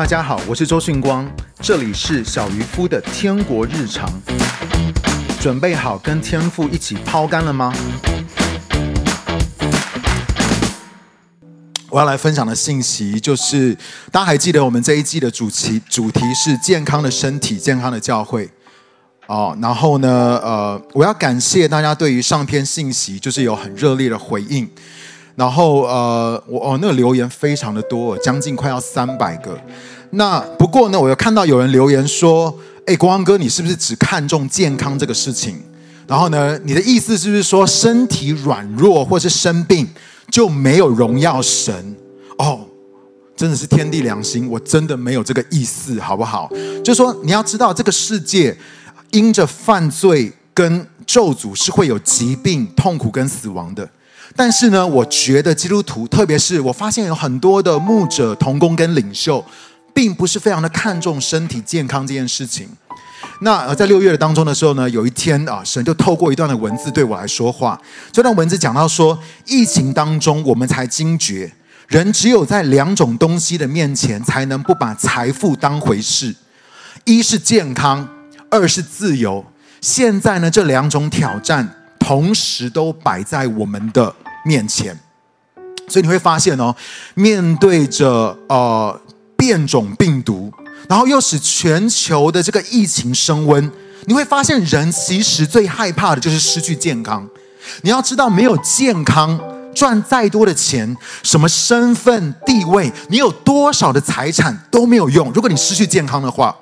大家好，我是周迅光，這裡是小漁夫的天國日常。準備好跟天父一起拋竿了嗎？我要來分享的信息就是，大家還記得我們這一季的主題？主題是健康的身體，健康的教會。哦，然後呢，呃，我要感謝大家對於上篇信息就是有很熱烈的回應。然後呃，我哦，那個留言非常的多，將近快要三百個。那不過呢，我又看到有人留言說：“哎，國王哥，你是不是只看重健康這個事情？然後呢，你的意思是不是說身體軟弱或是生病就沒有榮耀神？”哦，真的是天地良心，我真的沒有這個意思，好不好？就是說你要知道，這個世界因着犯罪跟咒詛是會有疾病、痛苦跟死亡的。但是呢，我覺得基督徒，特別是我發現有很多的牧者、同工跟領袖，並不是非常的看重身體健康這件事情。那呃，在六月當中的時候呢，有一天啊，神就透過一段的文字對我來說話，這段文字講到說，疫情當中我們才驚覺，人只有在兩種東西的面前，才能不把財富當回事，一是健康，二是自由。現在呢，這兩種挑戰，同時都擺在我們的面前，所以你會發現哦，面對着呃變種病毒，然後又使全球的這個疫情升溫，你會發現人其實最害怕的就是失去健康。你要知道，沒有健康，賺再多的錢、什麼身份地位、你有多少的財產都沒有用。如果你失去健康的話，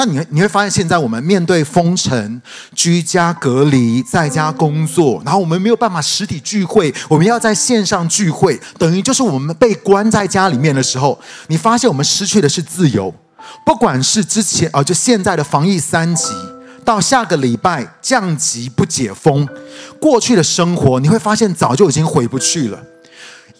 那你會你會發現現在我們面對封城、居家隔離、在家工作，然後我們沒有辦法實體聚會，我們要在線上聚會，等於就是我們被關在家裡面的時候，你發現我們失去的是自由。不管是之前啊、呃，就現在的防疫三級到下個禮拜降級不解封，過去的生活，你會發現早就已經回不去了。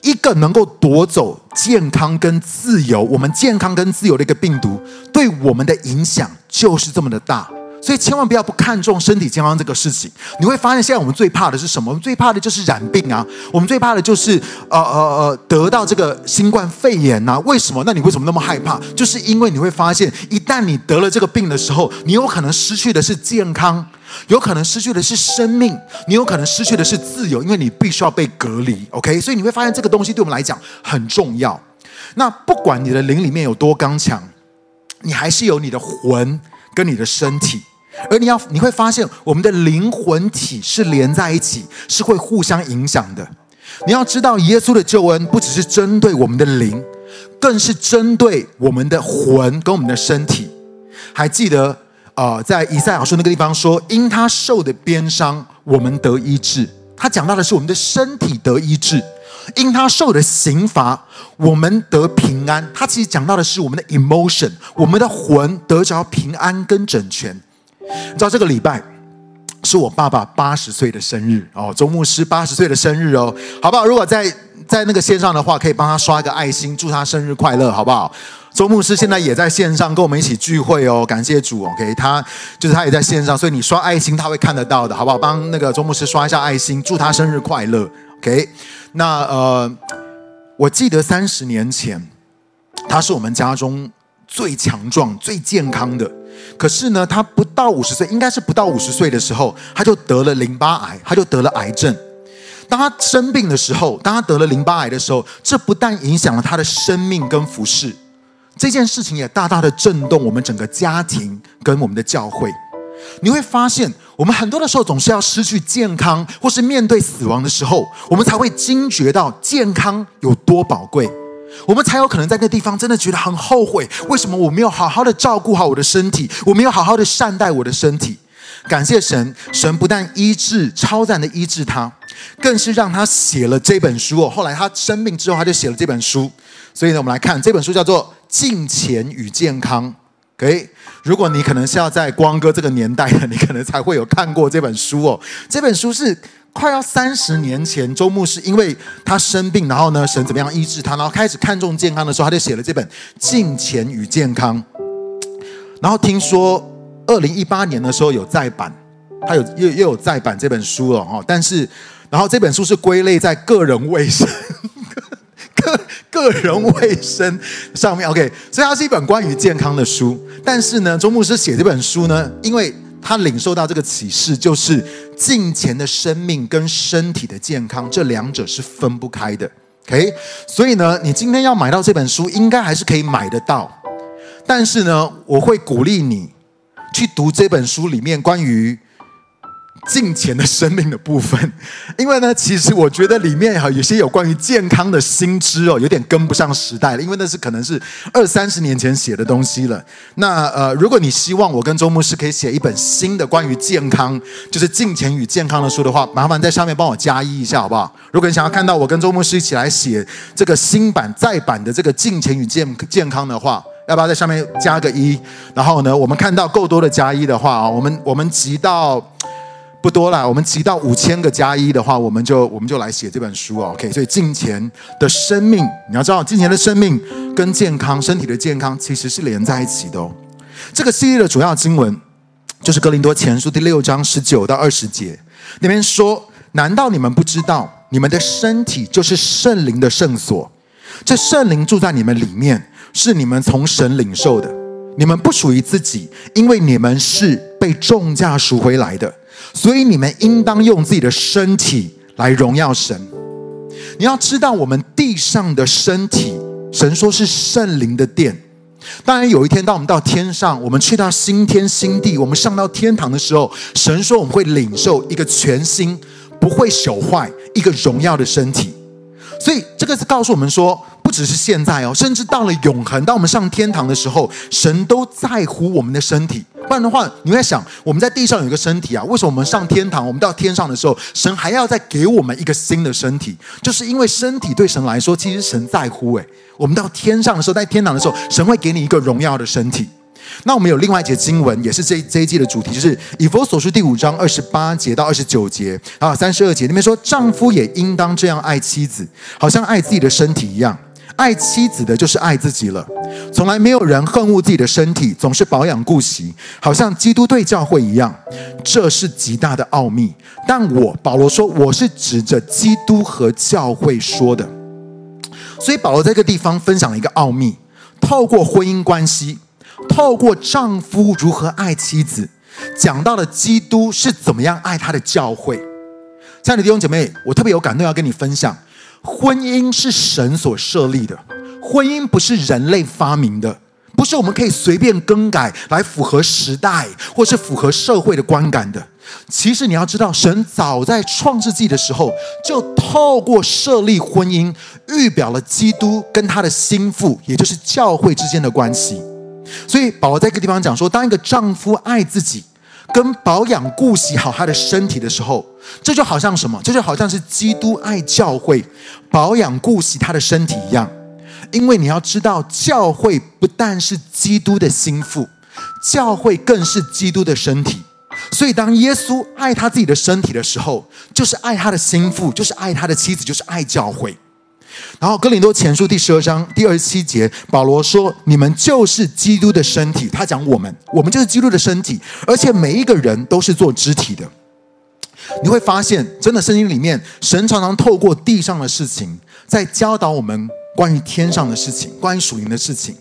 一個能夠奪走健康跟自由，我們健康跟自由的一個病毒，對我們的影響就是這麼的大。所以千萬不要不看重身體健康這個事情。你會發現，現在我們最怕的是什麼？我們最怕的就是染病啊！我們最怕的就是呃呃呃，得到這個新冠肺炎吶？為什麼？那你為什麼那麼害怕？就是因為你會發現，一旦你得了這個病的時候，你有可能失去的是健康。有可能失去的是生命，你有可能失去的是自由，因為你必須要被隔離。OK，所以你會發現這個東西對我們來講很重要。那不管你的靈裡面有多剛強，你還是有你的魂跟你的身體，而你要你會發現，我們的靈魂體是連在一起，是會互相影響的。你要知道，耶穌的救恩不只是針對我們的靈，更是針對我們的魂跟我們的身體。還記得？啊，在以賽亞書那個地方說，因他受的鞭傷，我們得醫治。他講到的是我們的身體得醫治；因他受的刑罰，我們得平安。他其實講到的是我們的 emotion，我們的魂得着平安跟整全。你知道這個禮拜是我爸爸八十歲的生日哦，周牧師八十歲的生日哦，好不好？如果在在那個線上的話，可以幫他刷一個愛心，祝他生日快樂，好不好？周牧師現在也在線上跟我們一起聚會哦，感謝主。OK，他就是他也在線上，所以你刷愛心他會看得到的，好不好？幫那個周牧師刷一下愛心，祝他生日快樂。OK，那呃，我記得三十年前他是我們家中最強壯、最健康的。可是呢，他不到五十歲，應該是不到五十歲的時候，他就得了淋巴癌，他就得了癌症。當他生病的時候，當他得了淋巴癌的時候，這不但影響了他的生命跟服事。這件事情也大大的震動我們整個家庭跟我們的教會。你會發現，我們很多的時候總是要失去健康或是面對死亡的時候，我們才會驚覺到健康有多寶貴，我們才有可能在那地方真的覺得很後悔，為什麼我沒有好好的照顧好我的身體，我沒有好好的善待我的身體？感謝神，神不但醫治，超讚的醫治他，更是讓他寫了這本書哦。後來他生病之後，他就寫了這本書。所以呢，我們來看這本書，叫做。金錢與健康，可以。如果你可能是要在光哥這個年代的，你可能才會有看過這本書哦。這本書是快要三十年前，周牧師是因為他生病，然後呢，神怎麼樣醫治他，然後開始看重健康的時候，他就寫了這本《金錢與健康》。然後聽說二零一八年的時候有再版，他有又又有再版這本書了哦。但是，然後這本書是歸類在個人衛生。呵呵呵個人衛生上面，OK，所以它是一本關於健康的書。但是呢，周牧師寫這本書呢，因為他領受到這個啟示，就是敬虔的生命跟身體的健康這兩者是分不開的。OK，所以呢，你今天要買到這本書，應該還是可以買得到。但是呢，我會鼓勵你去讀這本書裡面關於。金錢的生命的部分，因為呢，其實我覺得裡面哈有些有關於健康的新知哦，有點跟不上時代了，因為那是可能是二三十年前寫的東西了。那呃，如果你希望我跟周牧師可以寫一本新的關於健康，就是金錢與健康的書的話，麻煩在上面幫我加一一下好不好？如果你想要看到我跟周牧師一起來寫這個新版再版的這個金錢與健健康的話，要不要在上面加個一？然後呢，我們看到夠多的加一的話啊，我們我們集到。不多啦，我們集到五千個加一的話，我們就我們就來寫這本書哦。OK，所以金錢的生命，你要知道，金錢的生命跟健康、身體的健康其實是連在一起的哦。這個系列的主要經文就是《哥林多前書》第六章十九到二十節，那邊說：“難道你們不知道，你們的身體就是聖靈的聖所？這聖靈住在你們裡面，是你們從神領受的。你們不屬於自己，因為你們是被重價贖回來的。”所以你們應當用自己的身體來榮耀神。你要知道，我們地上的身體，神說是聖靈的殿。當然，有一天當我們到天上，我們去到新天新地，我們上到天堂的時候，神說我們會領受一個全新、不會朽壞、一個榮耀的身體。所以。這次告訴我們說，不只是現在哦，甚至到了永恆，當我們上天堂的時候，神都在乎我們的身體。不然的話，你會想，我們在地上有一個身體啊，為什麼我們上天堂？我們到天上的時候，神還要再給我們一個新的身體？就是因為身體對神來說，其實神在乎。誒。我們到天上的時候，在天堂的時候，神會給你一個榮耀的身體。那我們有另外一節經文，也是這這一季的主題，就是以弗所書第五章二十八節到二十九節還有三十二節裡面說，丈夫也應當這樣愛妻子，好像愛自己的身體一樣，愛妻子的就是愛自己了。從來沒有人恨惡自己的身體，總是保養顧惜，好像基督對教會一樣，這是極大的奧秘。但我保羅說，我是指着基督和教會說的。所以保羅在這個地方分享了一個奧秘，透過婚姻關係。透過丈夫如何愛妻子，講到了基督是怎麼樣愛他的教會。親愛的弟兄姐妹，我特別有感動，要跟你分享：婚姻是神所設立的，婚姻不是人類發明的，不是我們可以隨便更改來符合時代或是符合社會的觀感的。其實你要知道，神早在創世記的時候就透過設立婚姻，預表了基督跟他的新婦，也就是教會之間的關係。所以，保羅在一個地方講說，當一個丈夫愛自己、跟保養顧惜好他的身體的時候，這就好像什麼？這就好像是基督愛教會、保養顧惜他的身體一樣。因為你要知道，教會不但是基督的新婦，教會更是基督的身體。所以，當耶穌愛他自己的身體的時候，就是愛他的新婦，就是愛他的妻子，就是愛教會。然後，哥林多前書第十二章第二十七節，保羅說：“你們就是基督的身體。”他講我們，我們就是基督的身體，而且每一個人都是做肢體的。你會發現，真的聖經裡面，神常常透過地上的事情，在教導我們關於天上的事情，關於屬靈的事情。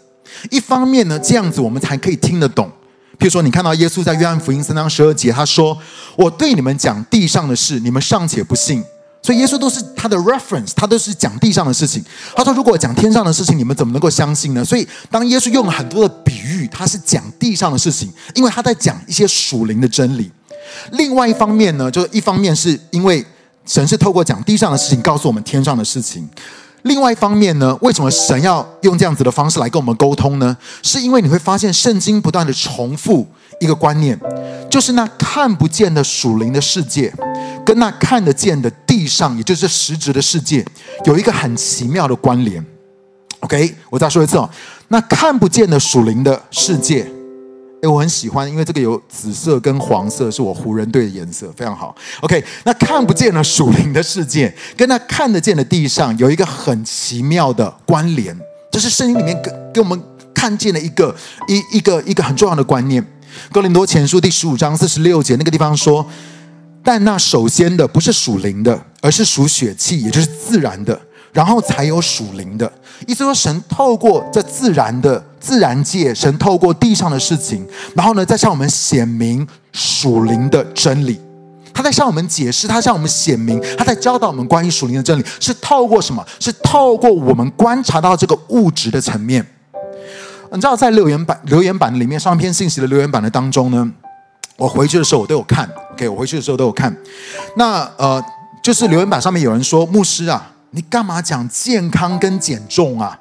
一方面呢，這樣子我們才可以聽得懂。譬如說，你看到耶穌在約翰福音三章十二節，他說：“我對你們講地上的事，你們尚且不信。”所以耶穌都是他的 reference，他都是講地上的事情。他說：“如果講天上的事情，你們怎麼能夠相信呢？”所以，當耶穌用了很多的比喻，他是講地上的事情，因為他在講一些屬靈的真理。另外一方面呢，就是一方面是因為神是透過講地上的事情告訴我們天上的事情。另外一方面呢，為什麼神要用這樣子的方式來跟我們溝通呢？是因為你會發現聖經不斷的重複。一個觀念，就是那看不見的屬靈的世界，跟那看得見的地上，也就是實質的世界，有一個很奇妙的關聯。OK，我再說一次哦，那看不見的屬靈的世界，哎，我很喜歡，因為這個有紫色跟黃色，是我湖人隊的顏色，非常好。OK，那看不見的屬靈的世界，跟那看得見的地上，有一個很奇妙的關聯，這、就是聖經裡面給跟我們看見的一個一一個一個很重要的觀念。哥林多前書第十五章四十六節那個地方說：“但那首先的不是屬靈的，而是屬血氣，也就是自然的，然後才有屬靈的。”意思說，神透過這自然的自然界，神透過地上的事情，然後呢，再向我們顯明屬靈的真理。他在向我們解釋，他向我們顯明，他在教導我們關於屬靈的真理，是透過什麼？是透過我們觀察到這個物質的層面。你知道在留言板，留言板裡面上一篇信息的留言板的當中呢，我回去的時候我都有看，OK，我回去的時候都有看。那呃，就是留言板上面有人說：“牧師啊，你干嘛講健康跟減重啊？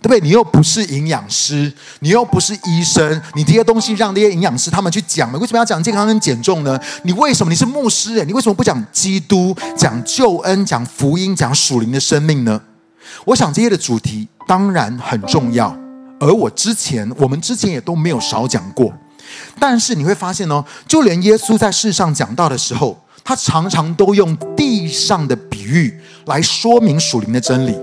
對不對？你又不是營養師，你又不是醫生，你這些東西讓那些營養師他們去講了，為什麼要講健康跟減重呢？你為什麼你是牧師？哎，你為什麼不講基督、講救恩、講福音、講屬靈的生命呢？”我想這些的主題當然很重要。而我之前，我們之前也都沒有少講過，但是你會發現哦，就連耶穌在世上講道的時候，他常常都用地上的比喻來說明屬靈的真理，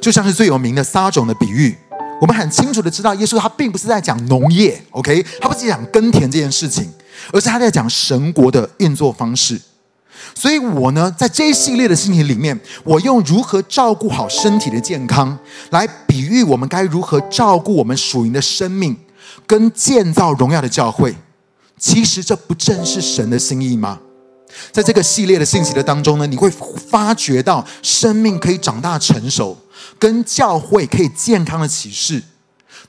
就像是最有名的撒種的比喻。我們很清楚的知道，耶穌他並不是在講農業，OK，他不是在講耕田這件事情，而是他在講神國的運作方式。所以我呢，在這一系列的信息裡面，我用如何照顧好身體的健康，來比喻我們該如何照顧我們屬靈的生命，跟建造榮耀的教會。其實這不正是神的心意嗎？在這個系列的信息的當中呢，你會發覺到生命可以長大成熟，跟教會可以健康的啟示。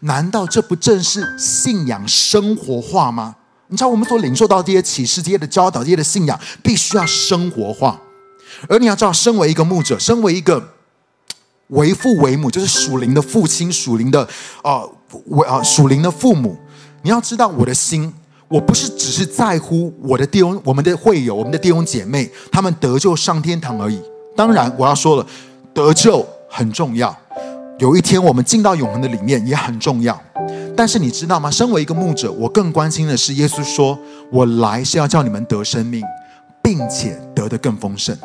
難道這不正是信仰生活化嗎？你知道，我們所領受到的這些啟示、這些的教導、這些的信仰，必須要生活化。而你要知道，身為一個牧者，身為一個為父為母，就是屬靈的父親、屬靈的啊，為、呃、啊屬靈的父母，你要知道，我的心，我不是只是在乎我的弟兄、我們的會友、我們的弟兄姐妹，他們得救上天堂而已。當然，我要說了，得救很重要，有一天我們進到永恆的裡面也很重要。但是你知道嗎？身為一個牧者，我更關心的是，耶穌說：“我來是要叫你們得生命，並且得的更豐盛。”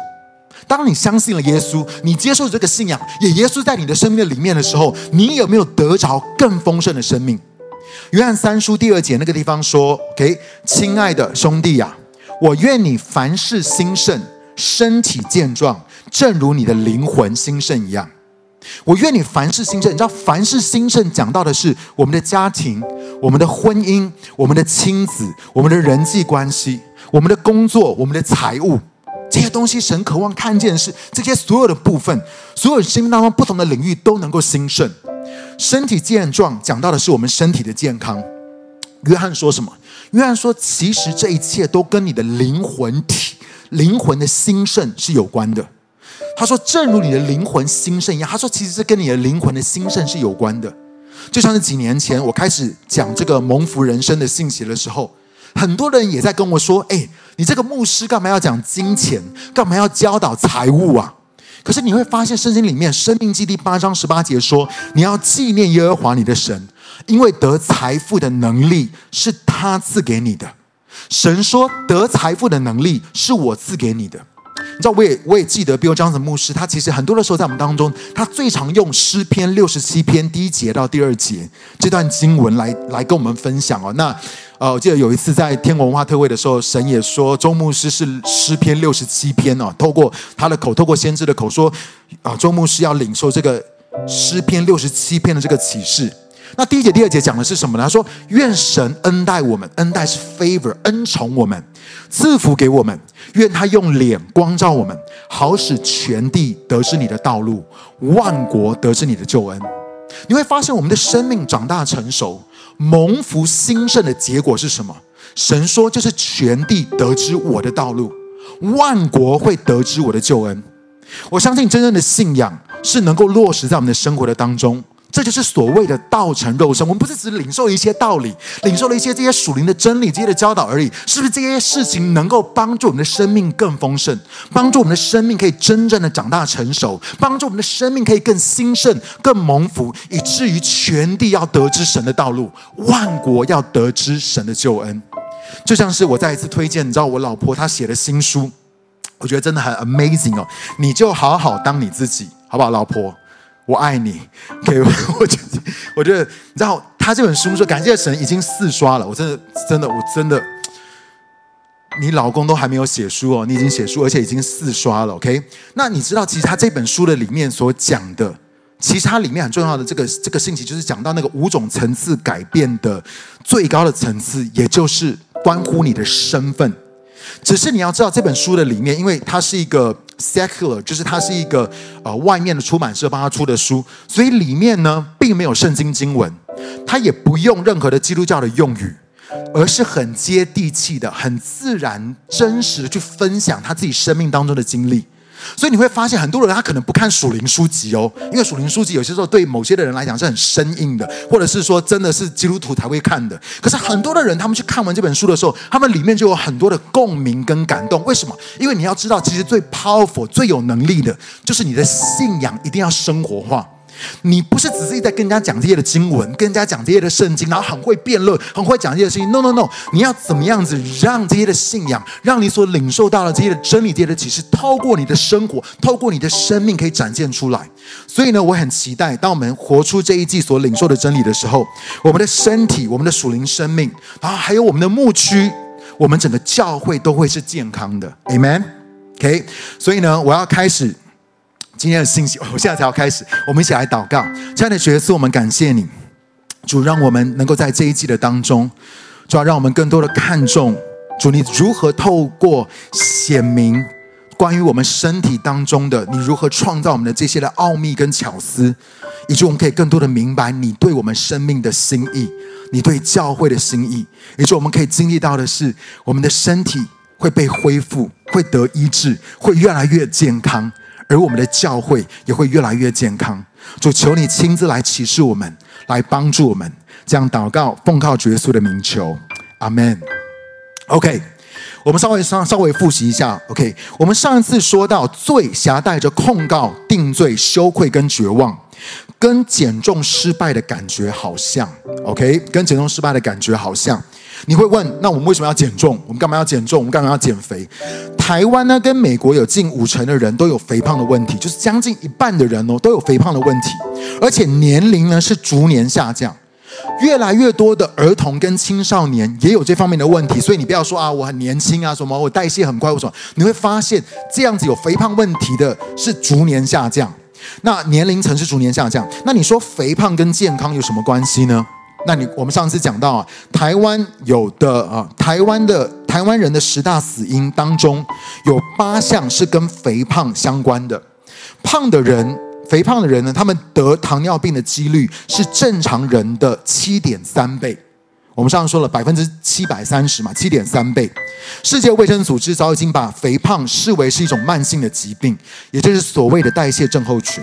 當你相信了耶穌，你接受了這個信仰，也耶穌在你的生命裡面的時候，你有沒有得着更豐盛的生命？約翰三書第二節那個地方說：“OK，親愛的兄弟呀、啊，我願你凡事興盛，身體健壯，正如你的靈魂興盛一樣。”我願你凡事興盛，你知道，凡事興盛講到的是我們的家庭、我們的婚姻、我們的親子、我們的人際關係、我們的工作、我們的財務這些東西。神渴望看見的是這些所有的部分，所有生命當中不同的領域都能夠興盛。身體健壯講到的是我們身體的健康。約翰說什麼？約翰說，其實這一切都跟你的靈魂體、靈魂的興盛是有關的。他說：“正如你的靈魂興盛一樣。”他說：“其實這跟你的靈魂的興盛是有關的。”就像是幾年前我開始講這個蒙福人生的信息的時候，很多人也在跟我說：“哎，你這個牧師幹嘛要講金錢？幹嘛要教導財務啊？”可是你會發現聖經裡面《申命記》第八章十八節說：“你要紀念耶和華你的神，因為得財富的能力是他賜給你的。神說得財富的能力是我賜給你的。”你知道，我也我也記得，比如 Bill Johnson 牧師，他其實很多的時候在我們當中，他最常用詩篇六十七篇第一節到第二節這段經文來來跟我們分享哦。那呃，我記得有一次在天國文化特會的時候，神也說，周牧師是詩篇六十七篇哦，透過他的口，透過先知的口說，啊、呃，周牧師要領受這個詩篇六十七篇的這個啟示。那第一節、第二節講的是什麼呢？他說，願神恩待我們，恩待是 favor，恩寵我們。賜福給我們，願他用臉光照我們，好使全地得知你的道路，萬國得知你的救恩。你會發現，我們的生命長大成熟、蒙福興盛的結果是什麼？神說，就是全地得知我的道路，萬國會得知我的救恩。我相信，真正的信仰是能夠落實在我們的生活的當中。這就是所謂的道成肉身。我們不是只領受一些道理，領受了一些這些屬靈的真理、這些的教導而已。是不是這些事情能夠幫助我們的生命更豐盛，幫助我們的生命可以真正的長大成熟，幫助我們的生命可以更興盛、更蒙福，以至於全地要得知神的道路，萬國要得知神的救恩？就像是我再一次推薦，你知道我老婆她寫的新書，我覺得真的很 amazing 哦。你就好好當你自己，好不好，老婆？我愛你，OK。我覺得，我覺得，你知道，他這本書說感謝神已經四刷了，我真的，真的，我真的，你老公都還沒有寫書哦，你已經寫書，而且已經四刷了，OK。那你知道，其實他這本書的裡面所講的，其實它裡面很重要的這個這個信息，就是講到那個五種層次改變的最高的層次，也就是關乎你的身份。只是你要知道這本書的裡面，因為它是一個 secular，就是它是一個呃外面的出版社幫他出的書，所以裡面呢並沒有聖經經文，他也不用任何的基督教的用語，而是很接地氣的、很自然、真實的去分享他自己生命當中的經歷。所以你會發現，很多人他可能不看屬靈書籍哦，因為屬靈書籍有些時候對某些的人來講是很生硬的，或者是說真的是基督徒才會看的。可是很多的人他們去看完這本書的時候，他們裡面就有很多的共鳴跟感動。為什麼？因為你要知道，其實最 powerful、最有能力的，就是你的信仰一定要生活化。你不是只是在跟人家講這些的經文，跟人家講這些的聖經，然後很會辯論，很會講這些事情。No，No，No！No, no. 你要怎麼樣子讓這些的信仰，讓你所領受到的這些的真理、這些的啟示，透過你的生活，透過你的生命，可以展現出來。所以呢，我很期待，當我們活出這一季所領受的真理的時候，我們的身體、我們的屬靈生命，啊，還有我們的牧區，我們整個教會都會是健康的。Amen。OK。所以呢，我要開始。今天的信息，我現在才要開始，我們一起來禱告。親愛的主耶穌，我們感謝你，主，讓我們能夠在這一季的當中，主，讓我們更多的看重主。你如何透過顯明關於我們身體當中的，你如何創造我們的這些的奧秘跟巧思，以及我們可以更多的明白你對我們生命的心意，你對教會的心意，以及我們可以經歷到的是，我們的身體會被恢復，會得醫治，會越來越健康，而我們的教會也會越來越健康。主，求你親自來啟示我們，來幫助我們。這樣禱告，奉靠耶穌的名求，阿門。OK，我們稍微稍稍微複習一下。OK，我們上一次說到，罪挾帶着控告、定罪、羞愧跟絕望，跟減重失敗的感覺好像。OK，跟減重失敗的感覺好像。你會問，那我們為什麼要減重？我們幹嘛要減重？我們幹嘛要減肥？台灣呢，跟美國有近五成的人都有肥胖的問題，就是將近一半的人哦，都有肥胖的問題，而且年齡呢是逐年下降，越來越多的兒童跟青少年也有這方面的問題。所以你不要說啊，我很年輕啊，什麼我代謝很快，為什麼？你會發現這樣子有肥胖問題的是逐年下降，那年齡層是逐年下降。那你說肥胖跟健康有什麼關係呢？那你我們上次講到啊，台灣有的啊，台灣的台灣人的十大死因當中，有八項是跟肥胖相關的。胖的人，肥胖的人呢，他們得糖尿病的幾率是正常人的七點三倍。我們上次說了百分之七百三十嘛，七點三倍。世界衛生組織早已經把肥胖視為是一種慢性的疾病，也就是所謂的代謝症候群。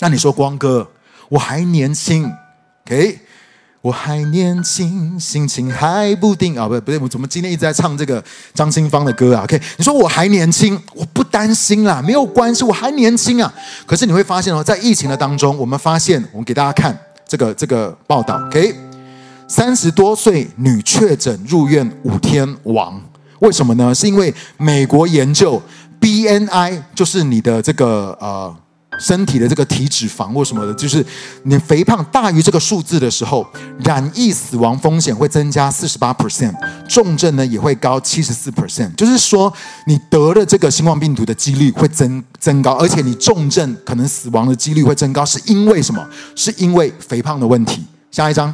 那你說光哥，我還年輕，OK？我還年輕，心情還不定啊！不對，不對，我怎麼今天一直在唱這個張清芳的歌啊？OK，你說我還年輕，我不擔心啦，沒有關係，我還年輕啊。可是你會發現哦，在疫情的當中，我們發現，我們給大家看這個這個報道。OK，三十多歲女確診入院五天亡，為什麼呢？是因為美國研究 BNI 就是你的這個呃。身體的這個體脂肪或什麼的，就是你肥胖大於這個數字的時候，染疫死亡風險會增加四十八 percent，重症呢也會高七十四 percent。就是說，你得了這個新冠病毒的幾率會增增高，而且你重症可能死亡的幾率會增高，是因為什麼？是因為肥胖的問題。下一張，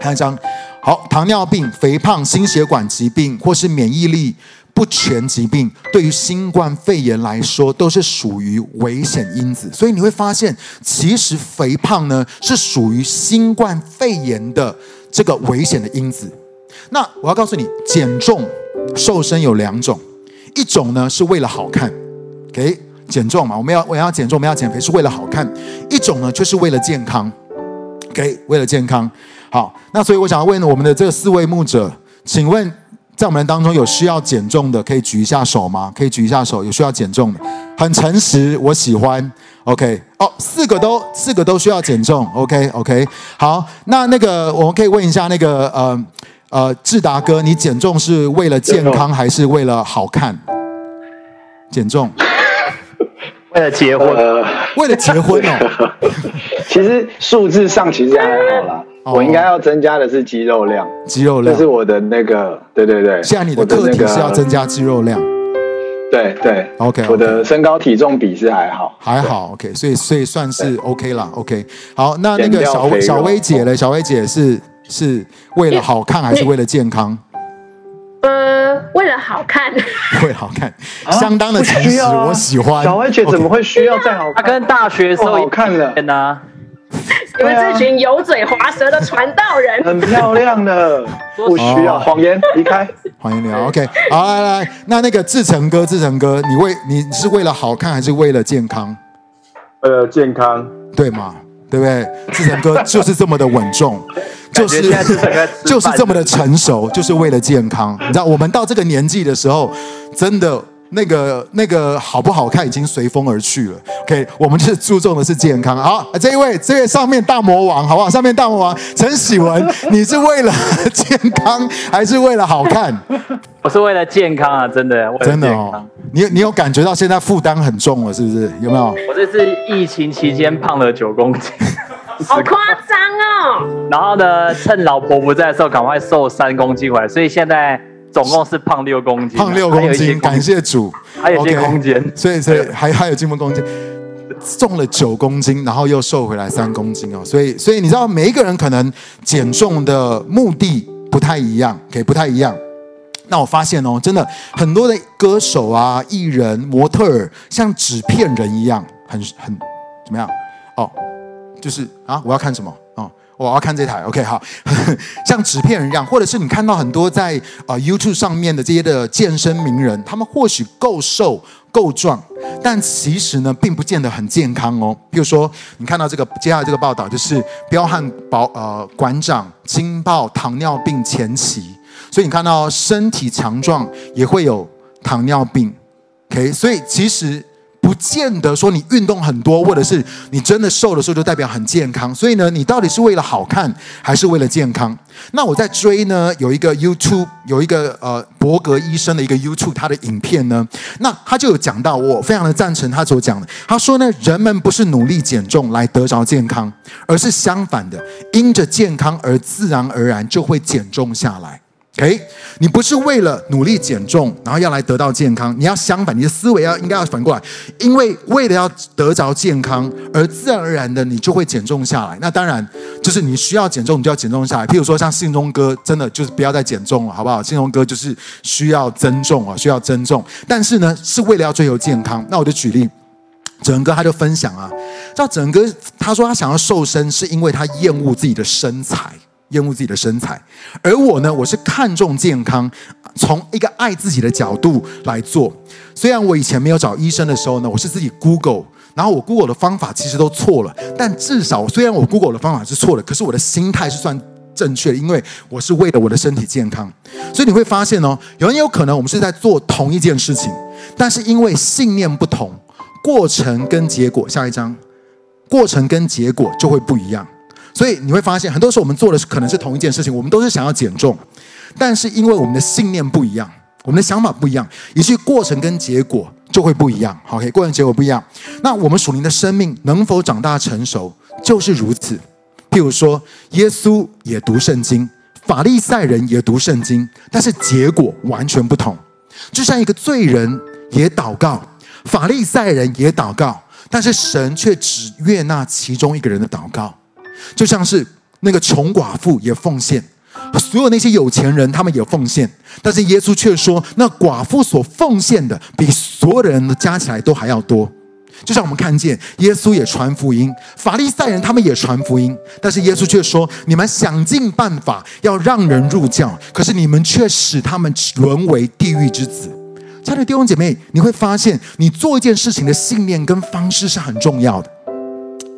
下一張。好，糖尿病、肥胖、心血管疾病或是免疫力。不全疾病對於新冠肺炎來說都是屬於危險因子，所以你會發現，其實肥胖呢是屬於新冠肺炎的這個危險的因子。那我要告訴你，減重瘦身有兩種，一種呢是為了好看，給、okay? 減重嘛，我們要我們要減重，我們要減肥是為了好看；一種呢就是為了健康，給、okay? 為了健康。好，那所以我想要問我們的這四位牧者，請問。在我們當中有需要減重的，可以舉一下手嗎？可以舉一下手。有需要減重的，很誠實，我喜歡。OK，哦，四個都，四個都需要減重。OK，OK，好，那那個我們可以問一下那個呃呃智達哥，你減重是為了健康還是為了好看？減重為了結婚， 為了結婚哦。其實數字上其實還好啦。我應該要增加的是肌肉量，哦、肌肉量這是我的那個，對對對。現在你的課題、那個、是要增加肌肉量，對對，OK, okay.。我的身高體重比是還好，還好對，OK。所以所以算是 OK 啦，OK, okay.。好，那那個小薇小薇姐呢？小薇姐，姐是、哦、是為了好看還是為了健康？ 呃，為了好看， 為了好看，相當的誠實、啊啊，我喜歡。小薇姐怎麼會需要再好看？她、 啊、跟大學時候看，啊 哦、看了，天哪 你們這群油嘴滑舌的傳道人，啊、 很漂亮的，不需要謊、哦、言，離開謊言臉。OK，好，來來來，那那個志成哥，志成哥，你為你是為了好看還是為了健康？呃，健康，對嗎？對不對？志成哥就是這麼的穩重， 就是就是這麼的成熟， 就是為了健康。你知道，我們到這個年紀的時候，真的。那個那個好不好看已經隨風而去了。OK，我們是注重的是健康。好，這一位，這位上面大魔王，好不好？上面大魔王陳喜文， 你是為了健康還是為了好看？我是為了健康啊，真的，真的哦。你你有感覺到現在負擔很重了，是不是？有沒有？我這是疫情期間胖了九公斤， 好誇張哦。 然後呢，趁老婆不在的時候，趕快瘦三公斤回來。所以現在。總共是胖六公斤啊，胖六公斤，感謝主，還有進步空間，okay, 嗯，所以所以還還有進步空間，重了九公斤，然後又瘦回來三公斤哦，所以所以你知道每一個人可能減重的目的不太一樣，可以，okay, 不太一樣。那我發現哦，真的很多的歌手啊、藝人、模特兒，像紙片人一樣，很很怎麼樣哦，就是啊，我要看什麼？我要看這台，OK 好 像紙片人一樣，或者是你看到很多在、呃、YouTube 上面的這些的健身名人，他們或許夠瘦夠壯，但其實呢，並不見得很健康哦。比如說，你看到這個接下來這個報道，就是飆悍呃、館長驚爆糖尿病前期，所以你看到身體強壯也會有糖尿病，OK？所以其實。不見得說你運動很多，或者是你真的瘦的時候就代表很健康。所以呢，你到底是為了好看，還是為了健康？那我在追呢，有一個 YouTube，有一個，呃，伯格醫生的一個 YouTube，他的影片呢，那他就有講到我，我非常的贊成他所講的。他說呢，人們不是努力減重來得着健康，而是相反的，因着健康而自然而然就會減重下來。哎，你不是為了努力減重，然後要來得到健康，你要相反，你的思維要應該要反過來，因為為了要得着健康，而自然而然的你就會減重下來。那當然就是你需要減重，你就要減重下來。譬如說像信中哥，真的就是不要再減重了，好不好？信中哥就是需要增重啊，需要增重。但是呢，是為了要追求健康。那我就舉例，哲文哥他就分享啊，叫哲文哥他說他想要瘦身，是因為他厭惡自己的身材。厭惡自己的身材，而我呢，我是看重健康，從一個愛自己的角度來做。雖然我以前沒有找醫生的時候呢，我是自己 Google，然後我 Google 的方法其實都錯了，但至少雖然我 Google 的方法是錯的，可是我的心態是算正確的，因為我是為了我的身體健康。所以你會發現哦，很有，有可能我們是在做同一件事情，但是因為信念不同，過程跟結果，下一章，過程跟結果就會不一樣。所以你會發現，很多時候我們做的是可能是同一件事情，我們都是想要減重，但是因為我們的信念不一樣，我們的想法不一樣，也許過程跟結果就會不一樣。OK，過程結果不一樣，那我們屬靈的生命能否長大成熟，就是如此。譬如說，耶穌也讀聖經，法利賽人也讀聖經，但是結果完全不同。就像一個罪人也禱告，法利賽人也禱告，但是神卻只悅納其中一個人的禱告。就像是那個窮寡婦也奉獻，所有那些有錢人他們也奉獻，但是耶穌卻說，那寡婦所奉獻的比所有的人的加起來都還要多。就像我們看見，耶穌也傳福音，法利賽人他們也傳福音，但是耶穌卻說，你們想盡辦法要讓人入教，可是你們卻使他們淪為地獄之子。親愛的弟兄姐妹，你會發現，你做一件事情的信念跟方式是很重要的。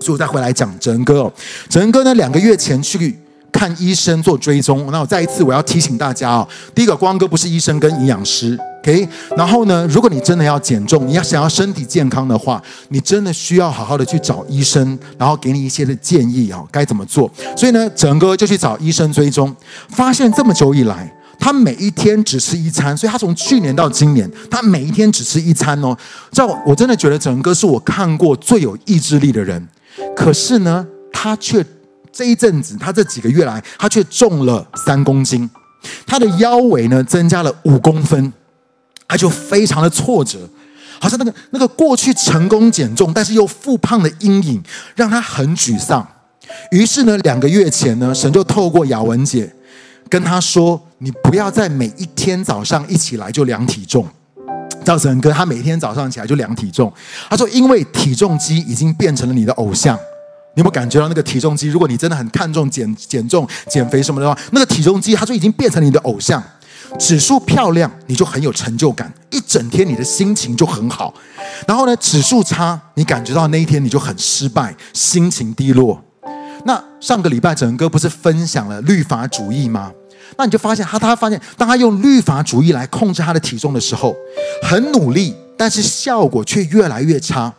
所以我再回來講，哦，整哥，整哥呢兩個月前去看醫生做追蹤。那我再一次我要提醒大家哦，第一個光哥不是醫生跟營養師，OK？然後呢，如果你真的要減重，你要想要身體健康的話，你真的需要好好的去找醫生，然後給你一些的建議哦，該怎麼做。所以呢，整哥就去找醫生追蹤，發現這麼久以來，他每一天只吃一餐，所以他從去年到今年，他每一天只吃一餐哦。在我，我真的覺得整哥是我看過最有意志力的人。可是呢，他卻這一陣子，他這幾個月來，他卻重了三公斤，他的腰圍呢，增加了五公分，他就非常的挫折，好像那個那個過去成功減重，但是又復胖的陰影，讓他很沮喪。於是呢，兩個月前呢，神就透過雅文姐跟他說：“你不要在每一天早上一起來就量體重。”趙子恆哥，他每天早上起來就量體重。他說：“因為體重機已經變成了你的偶像，你有沒有感覺到那個體重機？如果你真的很看重減減重、減肥什麼的話，那個體重機，他說已經變成你的偶像。指數漂亮，你就很有成就感，一整天你的心情就很好。然後呢，指數差，你感覺到那一天你就很失敗，心情低落。那上個禮拜，整哥不是分享了律法主義嗎？”那你就發現，他他發現，當他用律法主義來控制他的體重的時候，很努力，但是效果卻越來越差。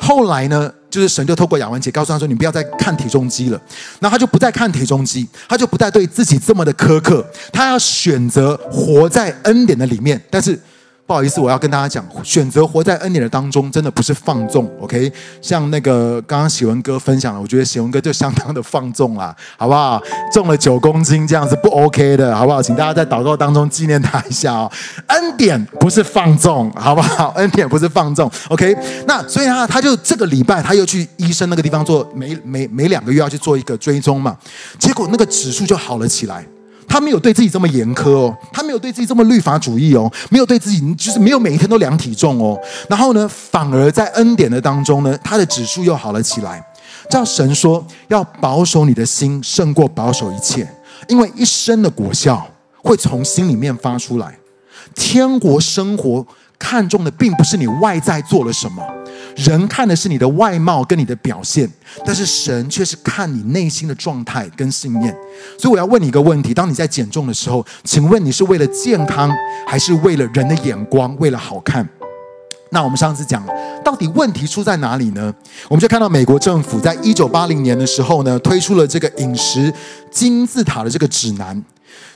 後來呢，就是神就透過亞文姐告訴他說：“你不要再看體重機了。”然後他就不再看體重機，他就不再對自己這麼的苛刻，他要選擇活在恩典的裡面。但是，不好意思，我要跟大家講，選擇活在恩典的當中，真的不是放縱，OK？像那個剛剛喜文哥分享了，我覺得喜文哥就相當的放縱啦，好不好？重了九公斤這樣子不 OK 的，好不好？請大家在禱告當中紀念他一下哦。恩典不是放縱，好不好？恩典不是放縱，OK？那所以他他就這個禮拜他又去醫生那個地方做，每每每兩個月要去做一個追蹤嘛，結果那個指數就好了起來。他沒有對自己這麼嚴苛哦，他沒有對自己這麼律法主義哦，沒有對自己就是沒有每一天都量體重哦。然後呢，反而在恩典的當中呢，他的指數又好了起來。這樣神說要保守你的心勝過保守一切，因為一生的果效會從心裡面發出來。天國生活看重的並不是你外在做了什麼。人看的是你的外貌跟你的表現，但是神卻是看你內心的狀態跟信念。所以我要問你一個問題：當你在減重的時候，請問你是為了健康，還是為了人的眼光，為了好看？那我們上次講，到底問題出在哪裡呢？我們就看到美國政府在一九八零年的時候呢，推出了這個飲食金字塔的這個指南。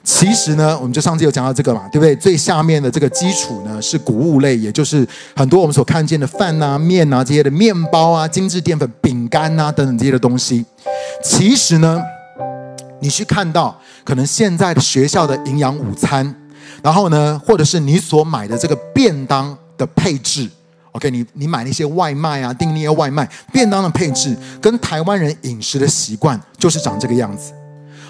其實呢，我們就上次有講到這個嘛，對不對？最下面的這個基礎呢，是穀物類，也就是很多我們所看見的飯啊、麵啊這些的麵包啊、精緻澱粉、餅乾啊等等這些的東西。其實呢，你去看到可能現在的學校的營養午餐，然後呢，或者是你所買的這個便當的配置，OK，你你買那些外賣啊，訂那些外賣便當的配置，跟台灣人飲食的習慣就是長這個樣子。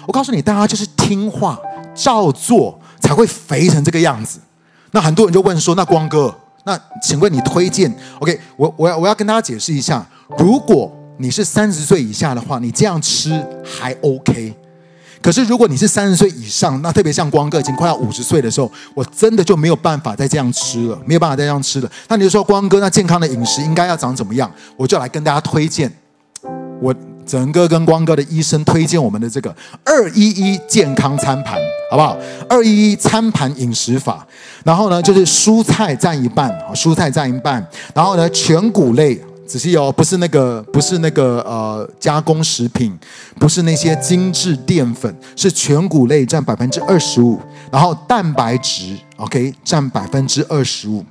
我告訴你，大家就是聽話照做才會肥成這個樣子。那很多人就問說：“那光哥，那請問你推薦？”OK，我我要我要跟大家解釋一下，如果你是三十歲以下的話，你這樣吃還 OK。可是如果你是三十歲以上，那特別像光哥已經快要五十歲的時候，我真的就沒有辦法再這樣吃了，沒有辦法再這樣吃了。那你就說光哥，那健康的飲食應該要長怎麼樣？我就來跟大家推薦我。整個跟光哥的醫生推薦我們的這個二一一健康餐盤，好不好？二一一餐盤飲食法，然後呢就是蔬菜占一半，好，蔬菜占一半，然後呢全谷類，仔細哦，不是那個，不是那個呃加工食品，不是那些精致澱粉，是全谷類占百分之二十五，然後蛋白質，OK，占百分之二十五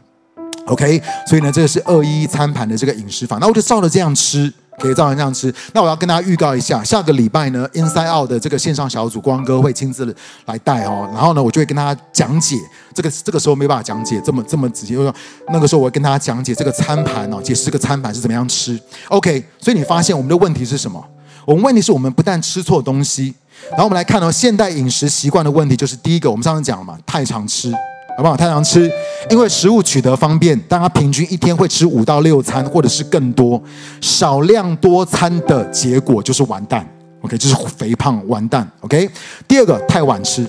，OK，所以呢，這個是二一一餐盤的這個飲食法，那我就照着這樣吃。可以照常這樣吃。那我要跟大家預告一下，下個禮拜呢，Inside Out 的這個線上小組，光哥會親自來帶哦。然後呢，我就會跟大家講解這個。這個時候沒辦法講解這麼這麼仔細，因為那個時候我會跟大家講解這個餐盤哦，解釋這個餐盤是怎麼樣吃。OK，所以你發現我們的問題是什麼？我們問題是我們不但吃錯東西，然後我們來看哦，現代飲食習慣的問題就是第一個，我們上次講了嘛，太常吃。好不好？太常吃，因為食物取得方便，但它平均一天會吃五到六餐，或者是更多。少量多餐的結果就是完蛋。OK，就是肥胖完蛋。OK，第二個太晚吃，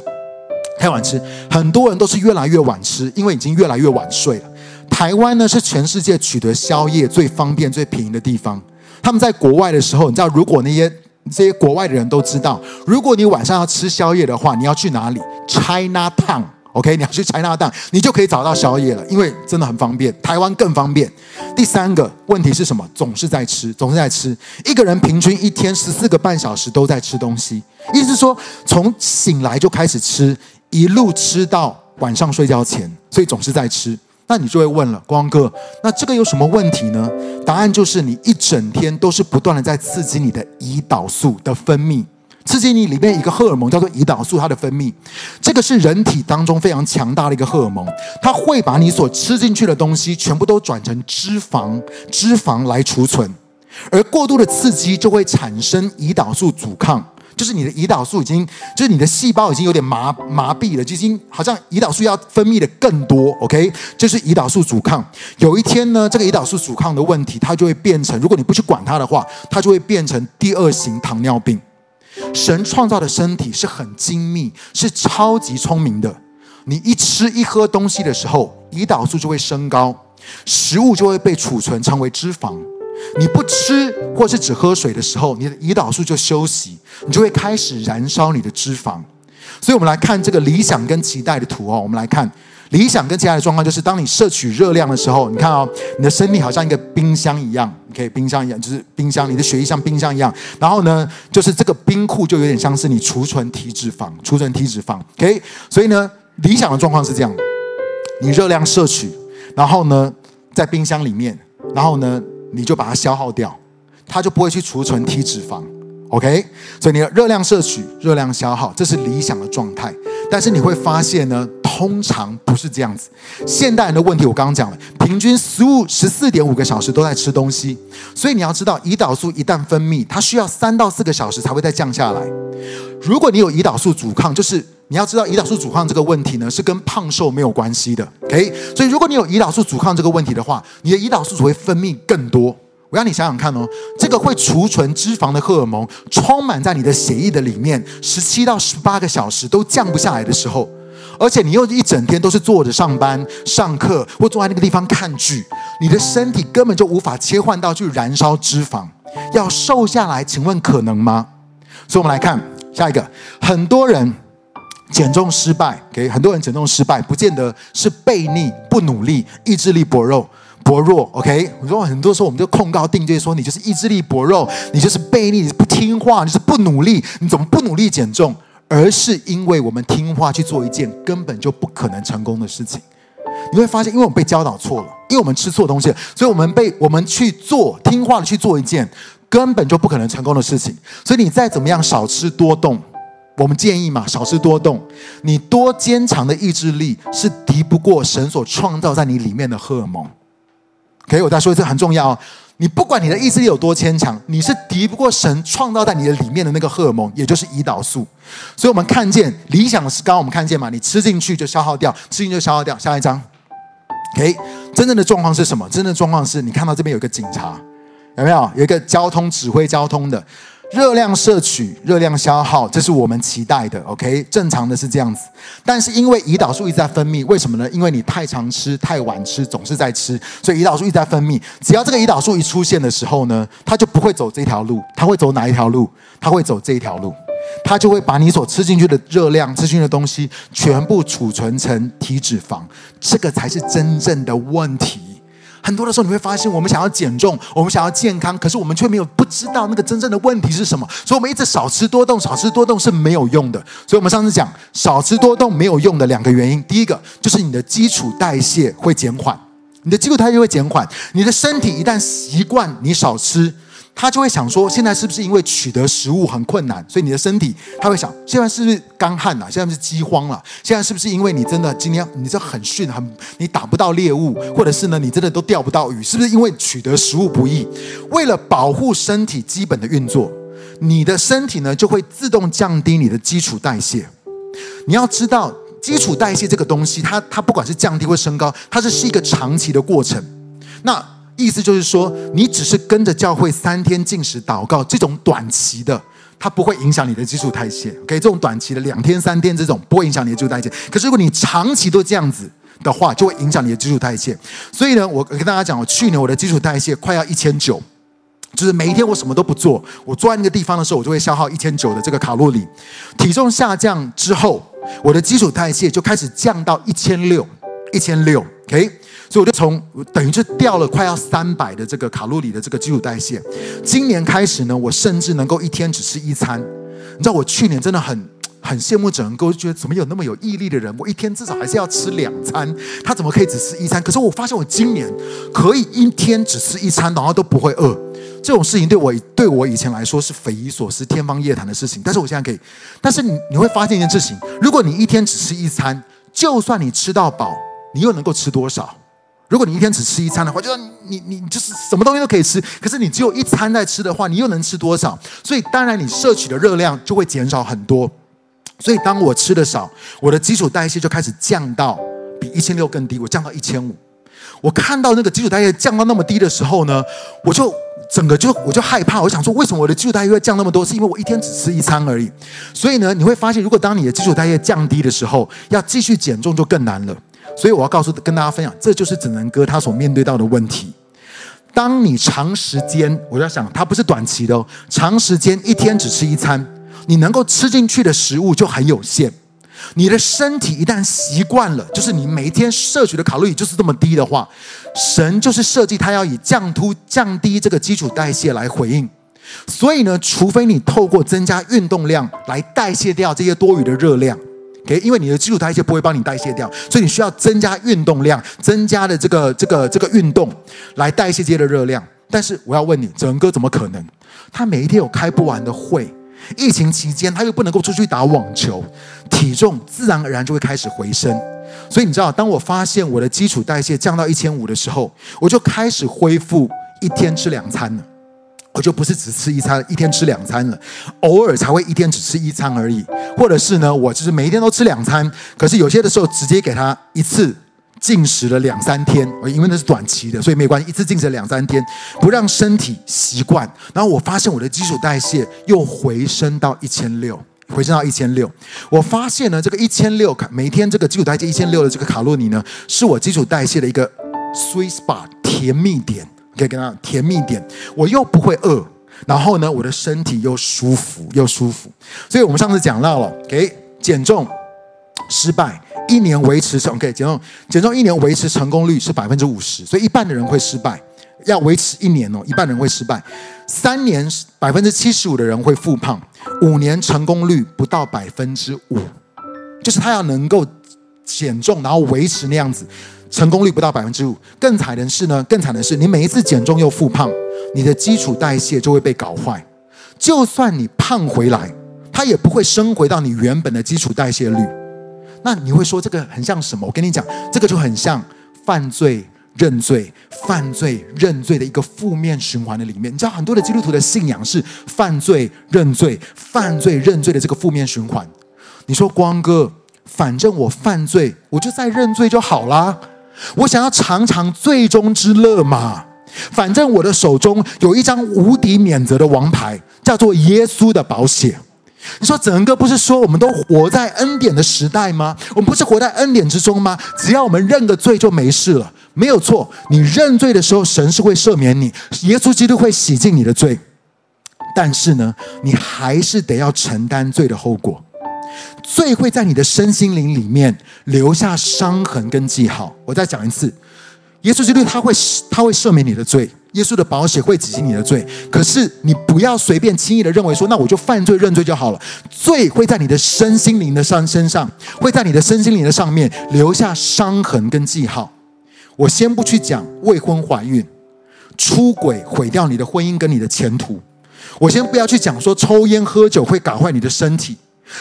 太晚吃，很多人都是越來越晚吃，因為已經越來越晚睡了。台灣呢是全世界取得宵夜最方便、最便宜的地方。他們在國外的時候，你知道，如果那些這些國外的人都知道，如果你晚上要吃宵夜的話，你要去哪裡？China Town。OK，你要去 China，但，你就可以找到宵夜了，因為真的很方便。台灣更方便。第三個問題是什麼？總是在吃，總是在吃。一個人平均一天十四個半小時都在吃東西，意思是說從醒來就開始吃，一路吃到晚上睡覺前，所以總是在吃。那你就會問了，光哥，那這個有什麼問題呢？答案就是你一整天都是不斷的在刺激你的胰島素的分泌。刺激你裡面一個荷爾蒙叫做胰島素，它的分泌，這個是人體當中非常強大的一個荷爾蒙，它會把你所吃進去的東西全部都轉成脂肪，脂肪來儲存。而過度的刺激就會產生胰島素阻抗，就是你的胰島素已經，就是你的細胞已經有點麻麻痹了，就已經好像胰島素要分泌的更多，OK？就是胰島素阻抗。有一天呢，這個胰島素阻抗的問題，它就會變成，如果你不去管它的話，它就會變成第二型糖尿病。神創造的身體是很精密，是超級聰明的。你一吃一喝東西的時候，胰島素就會升高，食物就會被儲存成為脂肪。你不吃或是只喝水的時候，你的胰島素就休息，你就會開始燃燒你的脂肪。所以我們來看這個理想跟期待的圖哦，我們來看。理想跟其他的狀況就是，當你攝取熱量的時候，你看哦，你的身體好像一個冰箱一樣，OK，冰箱一樣就是冰箱，你的血液像冰箱一樣，然後呢，就是這個冰庫就有點像是你儲存體脂肪，儲存體脂肪，OK，所以呢，理想的狀況是這樣：你熱量攝取，然後呢在冰箱裡面，然後呢你就把它消耗掉，它就不會去儲存體脂肪。OK，所以你的熱量攝取、熱量消耗，這是理想的狀態。但是你會發現呢，通常不是這樣子。現代人的問題，我剛剛講了，平均十五、十四點五個小時都在吃東西。所以你要知道，胰島素一旦分泌，它需要三到四個小時才會再降下來。如果你有胰島素阻抗，就是你要知道，胰島素阻抗這個問題呢，是跟胖瘦沒有關係的。OK，所以如果你有胰島素阻抗這個問題的話，你的胰島素只會分泌更多。我讓你想想看哦，這個會儲存脂肪的荷爾蒙充滿在你的血液的裡面，十七到十八個小時都降不下來的時候，而且你又一整天都是坐着上班、上課或坐在那個地方看劇，你的身體根本就無法切換到去燃燒脂肪。要瘦下來，請問可能嗎？所以我們來看下一個，很多人減重失敗，給、okay? 很多人減重失敗，不見得是悖逆不努力、意志力薄弱。薄弱，OK？你說很多時候我們就控告定罪，就是、說你就是意志力薄弱，你就是悖逆，你不聽話，你是不努力，你怎麼不努力減重？而是因為我們聽話去做一件根本就不可能成功的事情，你會發現，因為我們被教導錯了，因為我們吃錯東西了，所以我們被我們去做聽話的去做一件根本就不可能成功的事情。所以你再怎麼樣少吃多動，我們建議嘛，少吃多動，你多堅強的意志力是敵不過神所創造在你裡面的荷爾蒙。可以，我再說一次，很重要哦。你不管你的意志力有多堅強，你是敵不過神創造在你的裡面的那個荷爾蒙，也就是胰島素。所以我們看見理想是，剛剛我們看見嘛，你吃進去就消耗掉，吃進去就消耗掉。下一張，OK，真正的狀況是什麼？真正的狀況是你看到這邊有個警察，有沒有？有一個交通指揮交通的。熱量攝取、熱量消耗，這是我們期待的。OK，正常的是這樣子。但是因為胰島素一直在分泌，為什麼呢？因為你太常吃、太晚吃，總是在吃，所以胰島素一直在分泌。只要這個胰島素一出現的時候呢，它就不會走這條路，它會走哪一條路？它會走這一條路，它就會把你所吃進去的熱量、吃進去的東西全部儲存成體脂肪。這個才是真正的問題。很多的時候你會發現，我們想要減重，我們想要健康，可是我們卻沒有不知道那個真正的問題是什麼，所以，我們一直少吃多動，少吃多動是沒有用的。所以，我們上次講少吃多動沒有用的兩個原因，第一個就是你的基礎代謝會減緩，你的基礎代謝會減緩，你的身體一旦習慣你少吃。他就會想說，現在是不是因為取得食物很困難，所以你的身體？他會想，現在是不是乾旱了、啊？現在是饑荒了、啊？現在是不是因為你真的今天你這很遜，很你打不到獵物，或者是呢，你真的都釣不到魚？是不是因為取得食物不易？為了保護身體基本的運作，你的身體呢就會自動降低你的基礎代謝。你要知道，基礎代謝這個東西，它它不管是降低或升高，它這是一個長期的過程。那。意思就是說，你只是跟着教會三天禁食、禱告，這種短期的，它不會影響你的基礎代謝。o、okay? 這種短期的，兩天、三天這種，不會影響你的基礎代謝。可是如果你長期都這樣子的話，就會影響你的基礎代謝。所以呢，我跟大家講，我去年我的基礎代謝快要一千九，就是每一天我什麼都不做，我坐在那個地方的時候，我就會消耗一千九的這個卡路里。體重下降之後，我的基礎代謝就開始降到一千六、一千六。OK。所以我就從我等於就掉了快要三百的這個卡路里的這個基礎代謝。今年開始呢，我甚至能夠一天只吃一餐。你知道我去年真的很很羨慕整個，哥，覺得怎麼有那麼有毅力的人。我一天至少還是要吃兩餐，他怎麼可以只吃一餐？可是我發現我今年可以一天只吃一餐，然後都不會餓。這種事情對我對我以前來說是匪夷所思、天方夜譚的事情，但是我現在可以。但是你你會發現一件事情，如果你一天只吃一餐，就算你吃到飽，你又能夠吃多少？如果你一天只吃一餐的話，就是你你就是什麼東西都可以吃，可是你只有一餐在吃的話，你又能吃多少？所以當然你攝取的熱量就會減少很多。所以當我吃的少，我的基礎代謝就開始降到比一千六更低，我降到一千五。我看到那個基礎代謝降到那麼低的時候呢，我就整個就我就害怕，我想說為什麼我的基礎代謝會降那麼多？是因為我一天只吃一餐而已。所以呢，你會發現，如果當你的基礎代謝降低的時候，要繼續減重就更難了。所以我要告訴跟大家分享，這就是只能哥他所面對到的問題。當你長時間，我在想他不是短期的哦，長時間一天只吃一餐，你能夠吃進去的食物就很有限。你的身體一旦習慣了，就是你每天攝取的卡路里就是這麼低的話，神就是設計他要以降突降低這個基礎代謝來回應。所以呢，除非你透過增加運動量來代謝掉這些多餘的熱量。o 因為你的基礎代謝不會幫你代謝掉，所以你需要增加運動量，增加的這個這個這個運動來代謝這些的熱量。但是我要問你，哲文哥怎麼可能？他每一天有開不完的會，疫情期間他又不能夠出去打網球，體重自然而然就會開始回升。所以你知道，當我發現我的基礎代謝降到一千五的時候，我就開始恢復一天吃兩餐了。我就不是只吃一餐，一天吃兩餐了，偶爾才會一天只吃一餐而已，或者是呢，我就是每一天都吃兩餐，可是有些的時候直接給他一次進食了兩三天，因為那是短期的，所以沒關係，一次進食了兩三天，不讓身體習慣，然後我發現我的基礎代謝又回升到一千六，回升到一千六，我發現呢，這個一千六卡，每天這個基礎代謝一千六的這個卡路里呢，是我基礎代謝的一個 sweet spot 甜蜜點。可以跟他甜蜜點，我又不會餓，然後呢，我的身體又舒服又舒服。所以，我們上次講到了，給、OK, 減重失敗，一年維持成 OK，減重減重一年維持成功率是百分之五十，所以一半的人會失敗。要維持一年哦，一半人會失敗。三年百分之七十五的人會復胖，五年成功率不到百分之五，就是他要能夠減重，然後維持那樣子。成功率不到百分之五，更慘的是呢，更慘的是，你每一次減重又復胖，你的基礎代謝就會被搞壞。就算你胖回來，它也不會升回到你原本的基礎代謝率。那你會說這個很像什麼？我跟你講，這個就很像犯罪認罪、犯罪認罪的一個負面循環的裡面。你知道很多的基督徒的信仰是犯罪認罪、犯罪認罪的這個負面循環。你說光哥，反正我犯罪，我就再認罪就好啦。我想要嚐嚐最終之樂嘛，反正我的手中有一張無敵免責的王牌，叫做耶穌的保險。你說，子恆哥不是說我們都活在恩典的時代嗎？我們不是活在恩典之中嗎？只要我們認個罪就沒事了，沒有錯。你認罪的時候，神是會赦免你，耶穌基督會洗淨你的罪，但是呢，你還是得要承擔罪的後果。罪會在你的身心靈裡面留下傷痕跟記號。我再講一次，耶穌基督他會他會赦免你的罪，耶穌的寶血會洗淨你的罪。可是你不要隨便輕易的認為說，那我就犯罪認罪就好了。罪會在你的身心靈的上身上，會在你的身心靈的上面留下傷痕跟記號。我先不去講未婚懷孕、出軌毀掉你的婚姻跟你的前途。我先不要去講說抽菸喝酒會搞壞你的身體。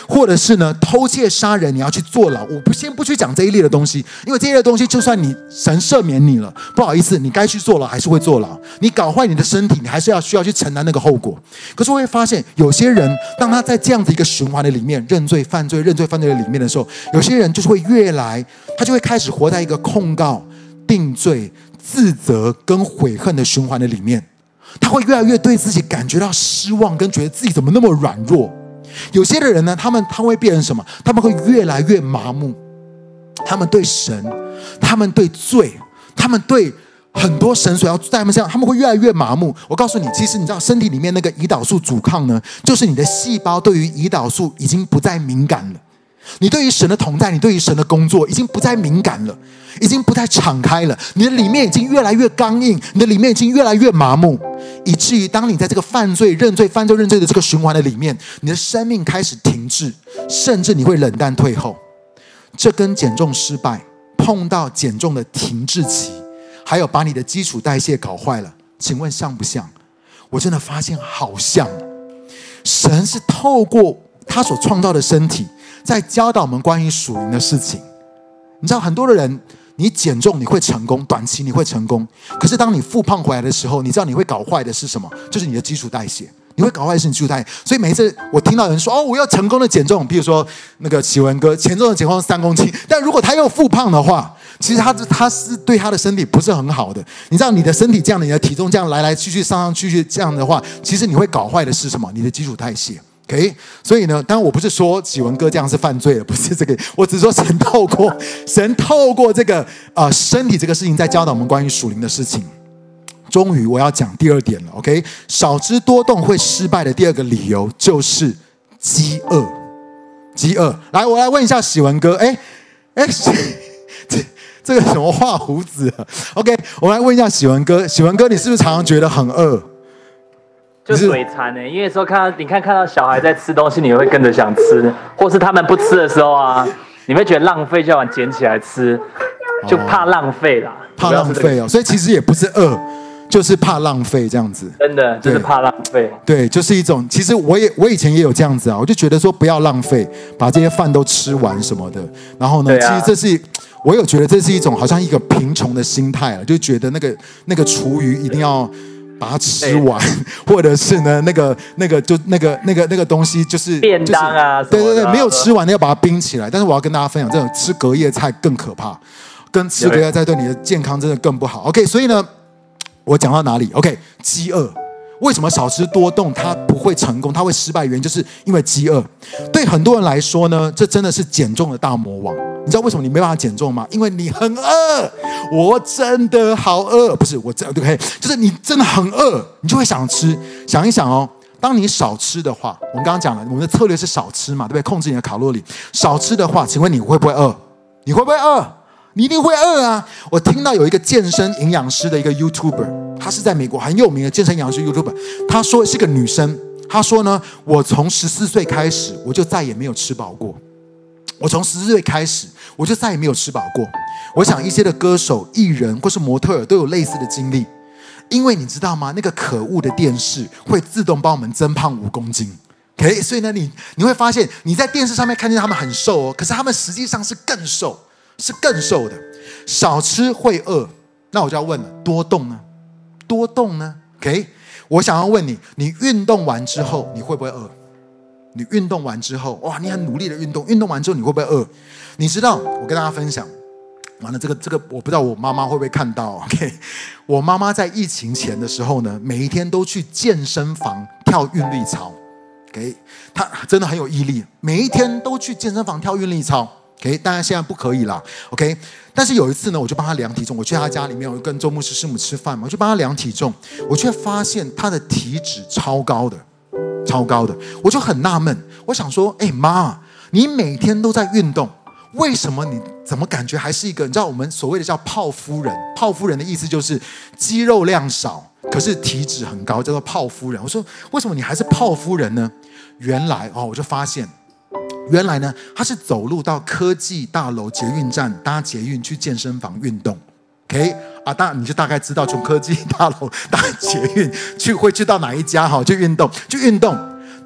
或者是呢，偷竊殺人，你要去坐牢。我不先不去講這一類的東西，因為這一類東西，就算你神赦免你了，不好意思，你該去坐牢還是會坐牢。你搞壞你的身體，你還是要需要去承擔那個後果。可是我會發現，有些人，當他在這樣子一個循環的裡面，認罪犯罪認罪犯罪的裡面的時候，有些人就是會越來，他就會開始活在一個控告、定罪、自責跟悔恨的循環的裡面。他會越來越對自己感覺到失望，跟覺得自己怎麼那麼軟弱。有些的人呢，他們他會變成什麼？他們會越來越麻木，他們對神，他們對罪，他們對很多神所要在他們身上，他們會越來越麻木。我告訴你，其實你知道身體裡面那個胰島素阻抗呢，就是你的細胞對於胰島素已經不再敏感了。你對於神的同在，你對於神的工作，已經不再敏感了，已經不再敞開了。你的裡面已經越來越剛硬，你的裡面已經越來越麻木，以至於當你在這個犯罪認罪犯罪認罪的這個循環的裡面，你的生命開始停滯，甚至你會冷淡退後。這跟減重失敗碰到減重的停滯期，還有把你的基礎代謝搞壞了，請問像不像？我真的發現好像。神是透過他所創造的身體。在教導我們關於屬靈的事情，你知道很多的人，你減重你會成功，短期你會成功。可是當你復胖回來的時候，你知道你會搞壞的是什麼？就是你的基礎代謝，你會搞壞的是你的基礎代謝。所以每一次我聽到有人說：“哦，我要成功的減重。”比如說那個啟文哥，前陣子減重三公斤，但如果他又復胖的話，其實他他是對他的身體不是很好的。你知道你的身體這樣，你的體重這樣來來去去上上去去這樣的話，其實你會搞壞的是什麼？你的基礎代謝。o、okay? 所以呢，當然我不是說喜文哥這樣是犯罪了，不是這個，我只是說神透過神透過這個呃身體這個事情在教導我們關於屬靈的事情。終於我要講第二點了，OK，少吃多動會失敗的第二個理由就是飢餓，飢餓。來，我來問一下喜文哥，哎哎，這這個什麼畫鬍子、啊、？OK，我來問一下喜文哥，喜文哥你是不是常常覺得很餓？就是嘴饞呢，因為說看到你看你看，看到小孩在吃東西，你會跟着想吃，或是他們不吃的時候啊，你會覺得浪費，就要撿起來吃，哦、就怕浪費啦、啊，怕浪費哦、這個。所以其實也不是餓，就是怕浪費這樣子。真的，就是怕浪費。對，就是一種。其實我也我以前也有這樣子啊，我就覺得說不要浪費，把這些飯都吃完什麼的。然後呢，啊、其實這是我有覺得這是一種好像一個貧窮的心態啊，就覺得那個那個廚餘一定要。把它吃完，或者是呢，那個、那個、就、那個、那個、那個、那個東西、就是啊，就是便當啊，對對對，沒有吃完的要把它冰起來。但是我要跟大家分享，這種吃隔夜菜更可怕，跟吃隔夜菜對你的健康真的更不好。OK，所以呢，我講到哪裡？OK，飢餓為什麼少吃多動它不會成功，它會失敗？原因就是因為飢餓。對很多人來說呢，這真的是減重的大魔王。你知道為什麼你沒辦法減重嗎？因為你很餓，我真的好餓。不是，我真的，不對？就是你真的很餓，你就會想吃。想一想哦，當你少吃的話，我們剛剛講了，我們的策略是少吃嘛，對不對？控制你的卡路里，少吃的話，請問你會不會餓？你會不會餓？你一定會餓啊！我聽到有一個健身營養師的一個 YouTuber，他是在美國很有名的健身營養師 YouTuber，他說是個女生，她說呢，我從十四歲開始，我就再也沒有吃飽過。我從十四歲開始。我就再也沒有吃飽過。我想一些的歌手、藝人或是模特兒都有類似的經歷，因為你知道嗎？那個可惡的電視會自動幫我們增胖五公斤。OK，所以呢，你你會發現你在電視上面看見他們很瘦哦，可是他們實際上是更瘦，是更瘦的。少吃會餓，那我就要問了，多動呢？多動呢？OK，我想要問你，你運動完之後你會不會餓？你運動完之後，哇，你很努力的運動。運動完之後，你會不會餓？你知道，我跟大家分享完了這個，這個我不知道我媽媽會不會看到。OK，我媽媽在疫情前的時候呢，每一天都去健身房跳韻律操。OK，她真的很有毅力，每一天都去健身房跳韻律操。OK，當然現在不可以啦，OK，但是有一次呢，我就幫她量體重，我去她家裡面，我跟周牧師師母吃飯嘛，我就幫她量體重，我卻發現她的體脂超高的。超高的，我就很納悶，我想說，哎、欸、媽，你每天都在運動，為什麼你怎麼感覺還是一個？你知道我們所謂的叫“泡芙人”，泡芙人的意思就是肌肉量少，可是體脂很高，叫做泡芙人。我說，為什麼你還是泡芙人呢？原來哦，我就發現，原來呢，他是走路到科技大樓捷運站搭捷運去健身房運動，OK。啊，大你就大概知道從科技大樓搭捷運去，會去到哪一家哈？去運動，去運動，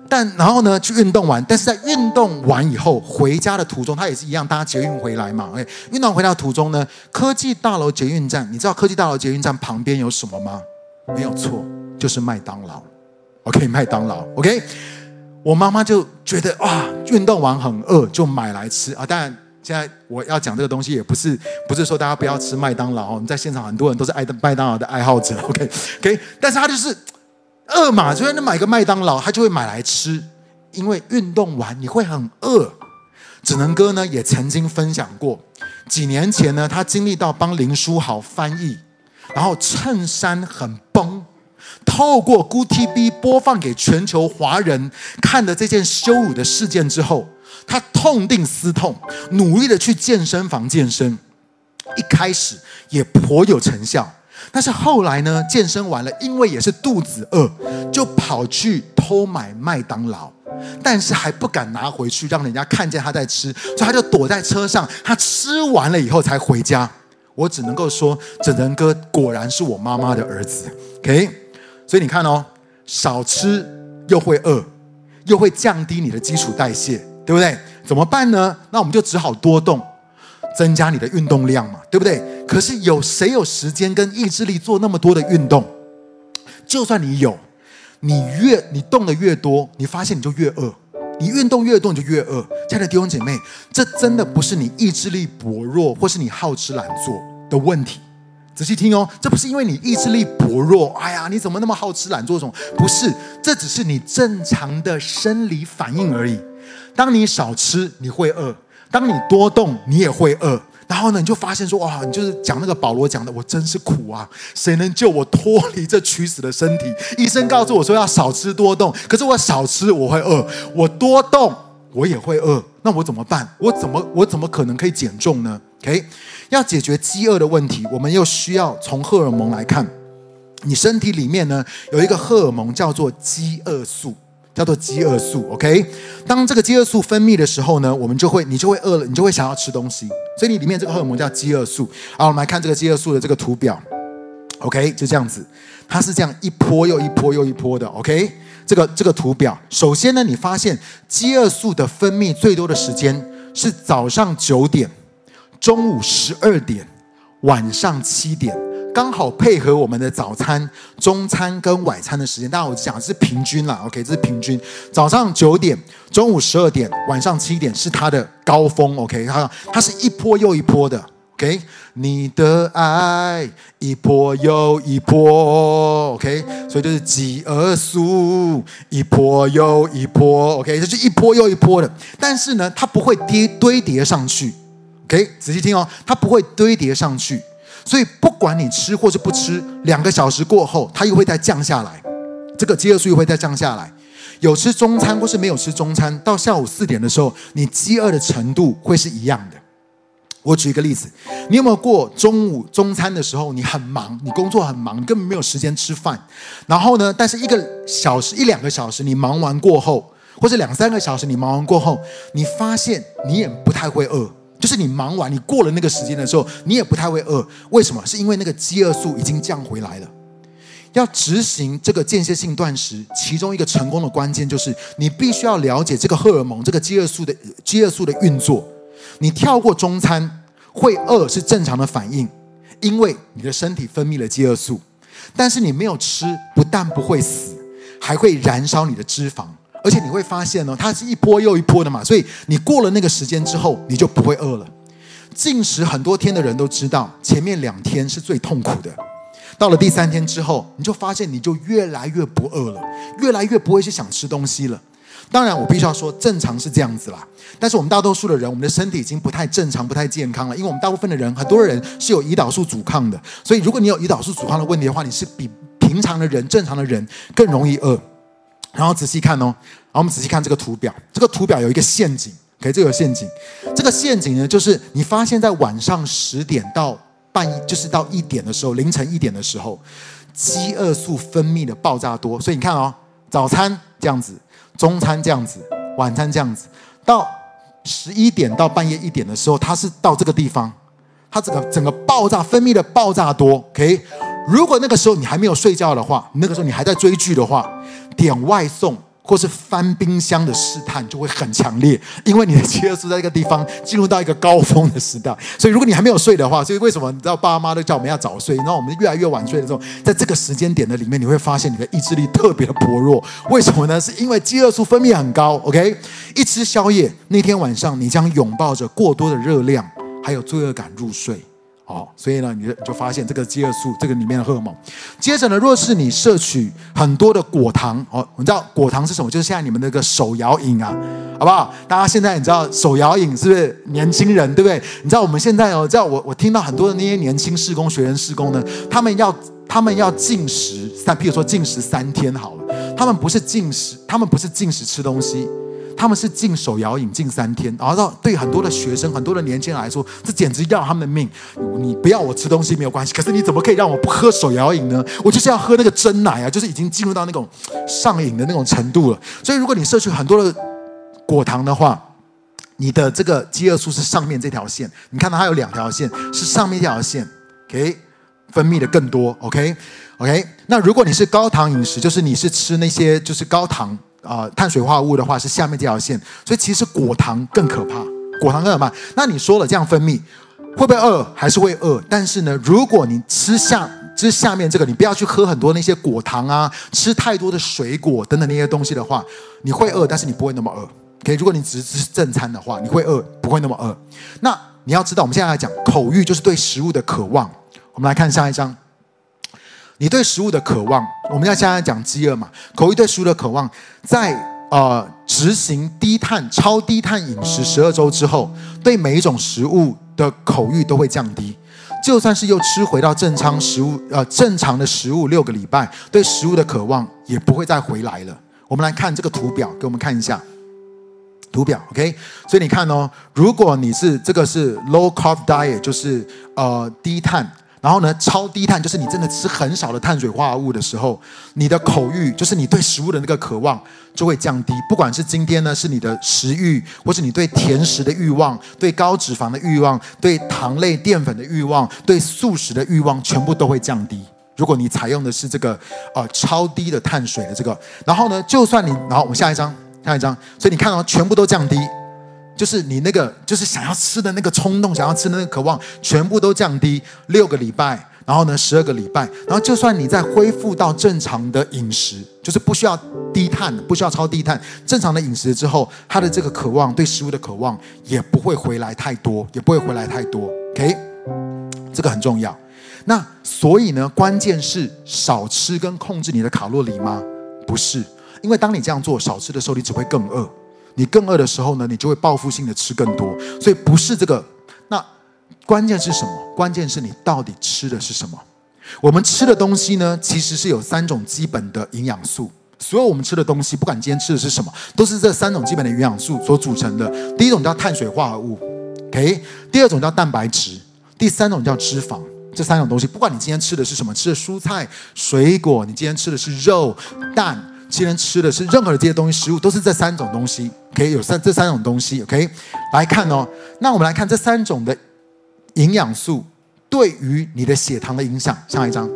但然後呢，去運動完，但是在運動完以後回家的途中，它也是一樣搭捷運回來嘛？誒、okay, 運動回來的途中呢，科技大樓捷運站，你知道科技大樓捷運站旁邊有什麼嗎？沒有錯，就是麥當勞。OK，麥當勞。OK，我媽媽就覺得啊，運動完很餓，就買來吃啊。當然。現在我要講這個東西，也不是，不是說大家不要吃麥當勞。我們在現場很多人都是愛麥當勞的愛好者，OK OK。但是他就是餓嘛，就在那買個麥當勞，他就會買來吃。因為運動完你會很餓。子能哥呢，也曾經分享過，幾年前呢，他經歷到幫林書豪翻譯，然後襯衫很崩，透過 Good TV 播放給全球華人看的這件羞辱的事件之後。他痛定思痛，努力的去健身房健身，一開始也頗有成效。但是後來呢，健身完了，因為也是肚子餓，就跑去偷買麥當勞，但是還不敢拿回去，讓人家看見他在吃，所以他就躲在車上。他吃完了以後才回家。我只能夠說，整人哥果然是我媽媽的兒子。OK，所以你看哦，少吃又會餓，又會降低你的基礎代謝。對不對？怎麼辦呢？那我們就只好多動，增加你的運動量嘛，對不對？可是有誰有時間跟意志力做那麼多的運動？就算你有，你越你動得越多，你發現你就越餓，你運動越多你就越餓。親愛的弟兄姐妹，這真的不是你意志力薄弱，或是你好吃懶做的問題。仔細聽哦，這不是因為你意志力薄弱，哎呀，你怎麼那麼好吃懶做？這種不是，這只是你正常的生理反應而已。當你少吃，你會餓；當你多動，你也會餓。然後呢，你就發現說：“哇，你就是講那個保羅講的，我真是苦啊！誰能救我脫離這取死的身體？”醫生告訴我說：“要少吃多動。”可是我少吃我會餓，我多動我也會餓。那我怎麼辦？我怎麼我怎麼可能可以減重呢？OK，要解決飢餓的問題，我們又需要從荷爾蒙來看。你身體裡面呢，有一個荷爾蒙叫做飢餓素。叫做飢餓素，OK。當這個飢餓素分泌的時候呢，我們就會，你就會餓了，你就會想要吃東西。所以你裡面這個荷爾蒙叫飢餓素。好，我們來看這個飢餓素的這個圖表，OK，就這樣子，它是這樣一波又一波又一波的，OK。這個這個圖表，首先呢，你發現飢餓素的分泌最多的時間是早上九點、中午十二點、晚上七點。剛好配合我們的早餐、中餐跟晚餐的時間，當然我講的是平均啦。OK，這是平均。早上九點、中午十二點、晚上七點是它的高峰。OK，它它是一波又一波的。OK，你的愛一波又一波。OK，所以就是飢餓素，一波又一波。OK，這是一波又一波的。但是呢，它不會跌堆疊上去。OK，仔細聽哦，它不會堆疊上去。所以，不管你吃或是不吃，兩個小時過後，它又會再降下來，這個飢餓素又會再降下來。有吃中餐或是沒有吃中餐，到下午四點的時候，你飢餓的程度會是一樣的。我舉一個例子，你有沒有過中午中餐的時候，你很忙，你工作很忙，根本沒有時間吃飯。然後呢，但是一個小時、一兩個小時你忙完過後，或者兩三個小時你忙完過後，你發現你也不太會餓。就是你忙完，你過了那個時間的時候，你也不太會餓。為什麼？是因為那個飢餓素已經降回來了。要執行這個間歇性斷食，其中一個成功的關鍵就是你必須要了解這個荷爾蒙、這個飢餓素的飢餓素的運作。你跳過中餐會餓是正常的反應，因為你的身體分泌了飢餓素，但是你沒有吃，不但不會死，還會燃燒你的脂肪。而且你會發現呢、哦，它是一波又一波的嘛，所以你過了那個時間之後，你就不會餓了。禁食很多天的人都知道，前面兩天是最痛苦的，到了第三天之後，你就發現你就越來越不餓了，越來越不會去想吃東西了。當然，我必須要說，正常是這樣子啦。但是我們大多數的人，我們的身體已經不太正常、不太健康了，因為我們大部分的人，很多人是有胰島素阻抗的，所以如果你有胰島素阻抗的問題的話，你是比平常的人、正常的人更容易餓。然後仔細看哦，然後我們仔細看這個圖表，這個圖表有一個陷阱，可以，okay, 這個有陷阱。這個陷阱呢，就是你發現在晚上十點到半，就是到一點的時候，凌晨一點的時候，飢餓素分泌的爆炸多。所以你看哦，早餐這樣子，中餐這樣子，晚餐這樣子，到十一點到半夜一點的時候，它是到這個地方，它整個整個爆炸分泌的爆炸多，OK。如果那個時候你還沒有睡覺的話，那個時候你還在追劇的話。點外送或是翻冰箱的試探就會很強烈，因為你的飢餓素在這個地方進入到一個高峰的時代。所以，如果你還沒有睡的話，所以為什麼你知道爸媽都叫我們要早睡？然後我們越來越晚睡的時候，在這個時間點的裡面，你會發現你的意志力特別的薄弱。為什麼呢？是因為飢餓素分泌很高。OK，一吃宵夜，那天晚上你將擁抱着過多的熱量，還有罪惡感入睡。哦，所以呢，你就你就發現這個飢餓素這個裡面的荷爾蒙。接着呢，若是你攝取很多的果糖，哦，你知道果糖是什麼？就是現在你們那個手搖飲啊，好不好？大家現在你知道手搖飲是不是年輕人，對不對？你知道我們現在哦，知道我我聽到很多的那些年輕事工學員事工呢，他們要他們要禁食，三，譬如說禁食三天好了，他們不是禁食，他們不是禁食吃東西。他們是禁手搖飲禁三天，然後對很多的學生、很多的年輕人來說，這簡直要他們的命。你不要我吃東西沒有關係，可是你怎麼可以讓我不喝手搖飲呢？我就是要喝那個珍奶啊，就是已經進入到那種上癮的那種程度了。所以，如果你攝取很多的果糖的話，你的這個飢餓素是上面這條線。你看它有兩條線，是上面一條線，OK，分泌的更多，OK，OK。OK? OK? 那如果你是高糖飲食，就是你是吃那些就是高糖。啊、呃，碳水化合物的話是下面這條線，所以其實果糖更可怕。果糖更可怕。那你說了這樣分泌，會不會餓？還是會餓。但是呢，如果你吃下這、就是、下面這個，你不要去喝很多那些果糖啊，吃太多的水果等等那些東西的話，你會餓，但是你不會那麼餓。OK，如果你只吃正餐的話，你會餓，不會那麼餓。那你要知道，我們現在來講口欲，就是對食物的渴望。我們來看下一張。你對食物的渴望，我們要現在講飢餓嘛？口欲對食物的渴望，在呃執行低碳、超低碳飲食十二周之後，對每一種食物的口欲都會降低。就算是又吃回到正常食物，呃，正常的食物六個禮拜，對食物的渴望也不會再回來了。我們來看這個圖表，給我們看一下圖表。OK，所以你看哦，如果你是這個是 low carb diet，就是呃低碳。然後呢，超低碳就是你真的吃很少的碳水化合物的時候，你的口欲，就是你對食物的那個渴望就會降低。不管是今天呢，是你的食欲，或是你對甜食的慾望、對高脂肪的慾望、對糖類澱粉的慾望、對素食的慾望，全部都會降低。如果你採用的是這個，呃，超低的碳水的這個，然後呢，就算你，然後我們下一張，下一張，所以你看到，哦，全部都降低。就是你那個，就是想要吃的那個衝動，想要吃的那個渴望，全部都降低六個禮拜，然後呢十二個禮拜，然後就算你再恢復到正常的飲食，就是不需要低碳，不需要超低碳，正常的飲食之後，他的這個渴望，對食物的渴望也不會回來太多，也不會回來太多。OK，這個很重要。那所以呢，關鍵是少吃跟控制你的卡路里嗎？不是，因為當你這樣做少吃的時候，你只會更餓。你更餓的時候呢，你就會報復性的吃更多。所以不是這個，那關鍵是什麼？關鍵是你到底吃的是什麼？我們吃的東西呢，其實是有三種基本的營養素。所有我們吃的東西，不管你今天吃的是什麼，都是這三種基本的營養素所組成的。第一種叫碳水化合物，OK？第二種叫蛋白質，第三種叫脂肪。這三種東西，不管你今天吃的是什麼，吃的蔬菜、水果，你今天吃的是肉、蛋。今天吃的是任何的這些東西，食物都是這三種東西，可以、okay？有三這三種東西，OK，來看哦。那我們來看這三種的營養素對於你的血糖的影響。上一張，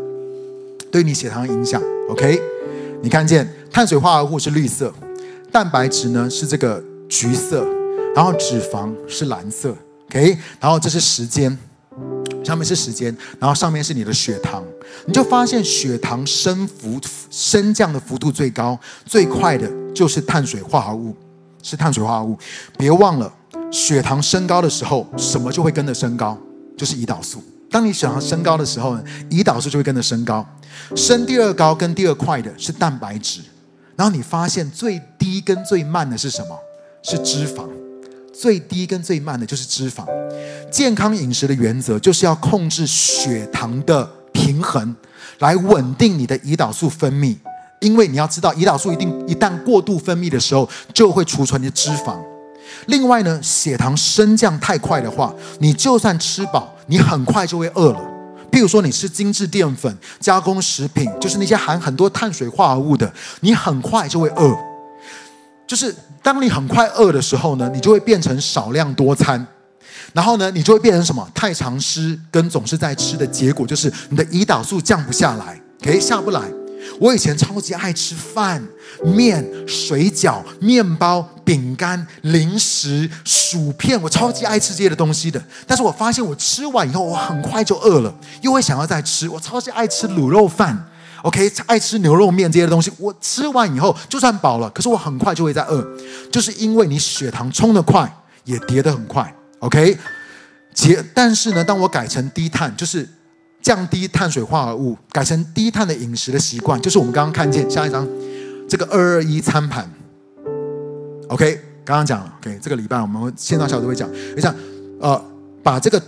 對你血糖的影響，OK，你看見碳水化合物是綠色，蛋白質呢是這個橘色，然後脂肪是藍色，OK，然後這是時間。上面是時間，然後上面是你的血糖，你就發現血糖升幅、升降的幅度最高、最快的，就是碳水化合物，是碳水化合物。別忘了，血糖升高的時候，什麼就會跟着升高，就是胰島素。當你血糖升高的時候，胰島素就會跟着升高。升第二高跟第二快的是蛋白質，然後你發現最低跟最慢的是什麼？是脂肪。最低跟最慢的就是脂肪。健康飲食的原則就是要控制血糖的平衡，來穩定你的胰島素分泌。因為你要知道，胰島素一定一旦過度分泌的時候，就會儲存你的脂肪。另外呢，血糖升降太快的話，你就算吃飽，你很快就會餓了。譬如說，你吃精致澱粉、加工食品，就是那些含很多碳水化合物的，你很快就會餓。就是當你很快餓的時候呢，你就會變成少量多餐，然後呢，你就會變成什麼？太常吃跟總是在吃的結果，就是你的胰島素降不下來，哎，下不來。我以前超級愛吃飯、面、水餃、麵包、餅乾、零食、薯片，我超級愛吃這些的東西的。但是我發現我吃完以後，我很快就餓了，又會想要再吃。我超級愛吃滷肉飯。OK，愛吃牛肉麵這些東西，我吃完以後就算飽了，可是我很快就會再餓，就是因為你血糖衝得快，也跌得很快。OK，結但是呢，當我改成低碳，就是降低碳水化合物，改成低碳的飲食的習慣，就是我們剛剛看見下一張這個二二一餐盤。OK，剛剛講了 OK，這個禮拜我們會線上小組會講，你想呃把這個。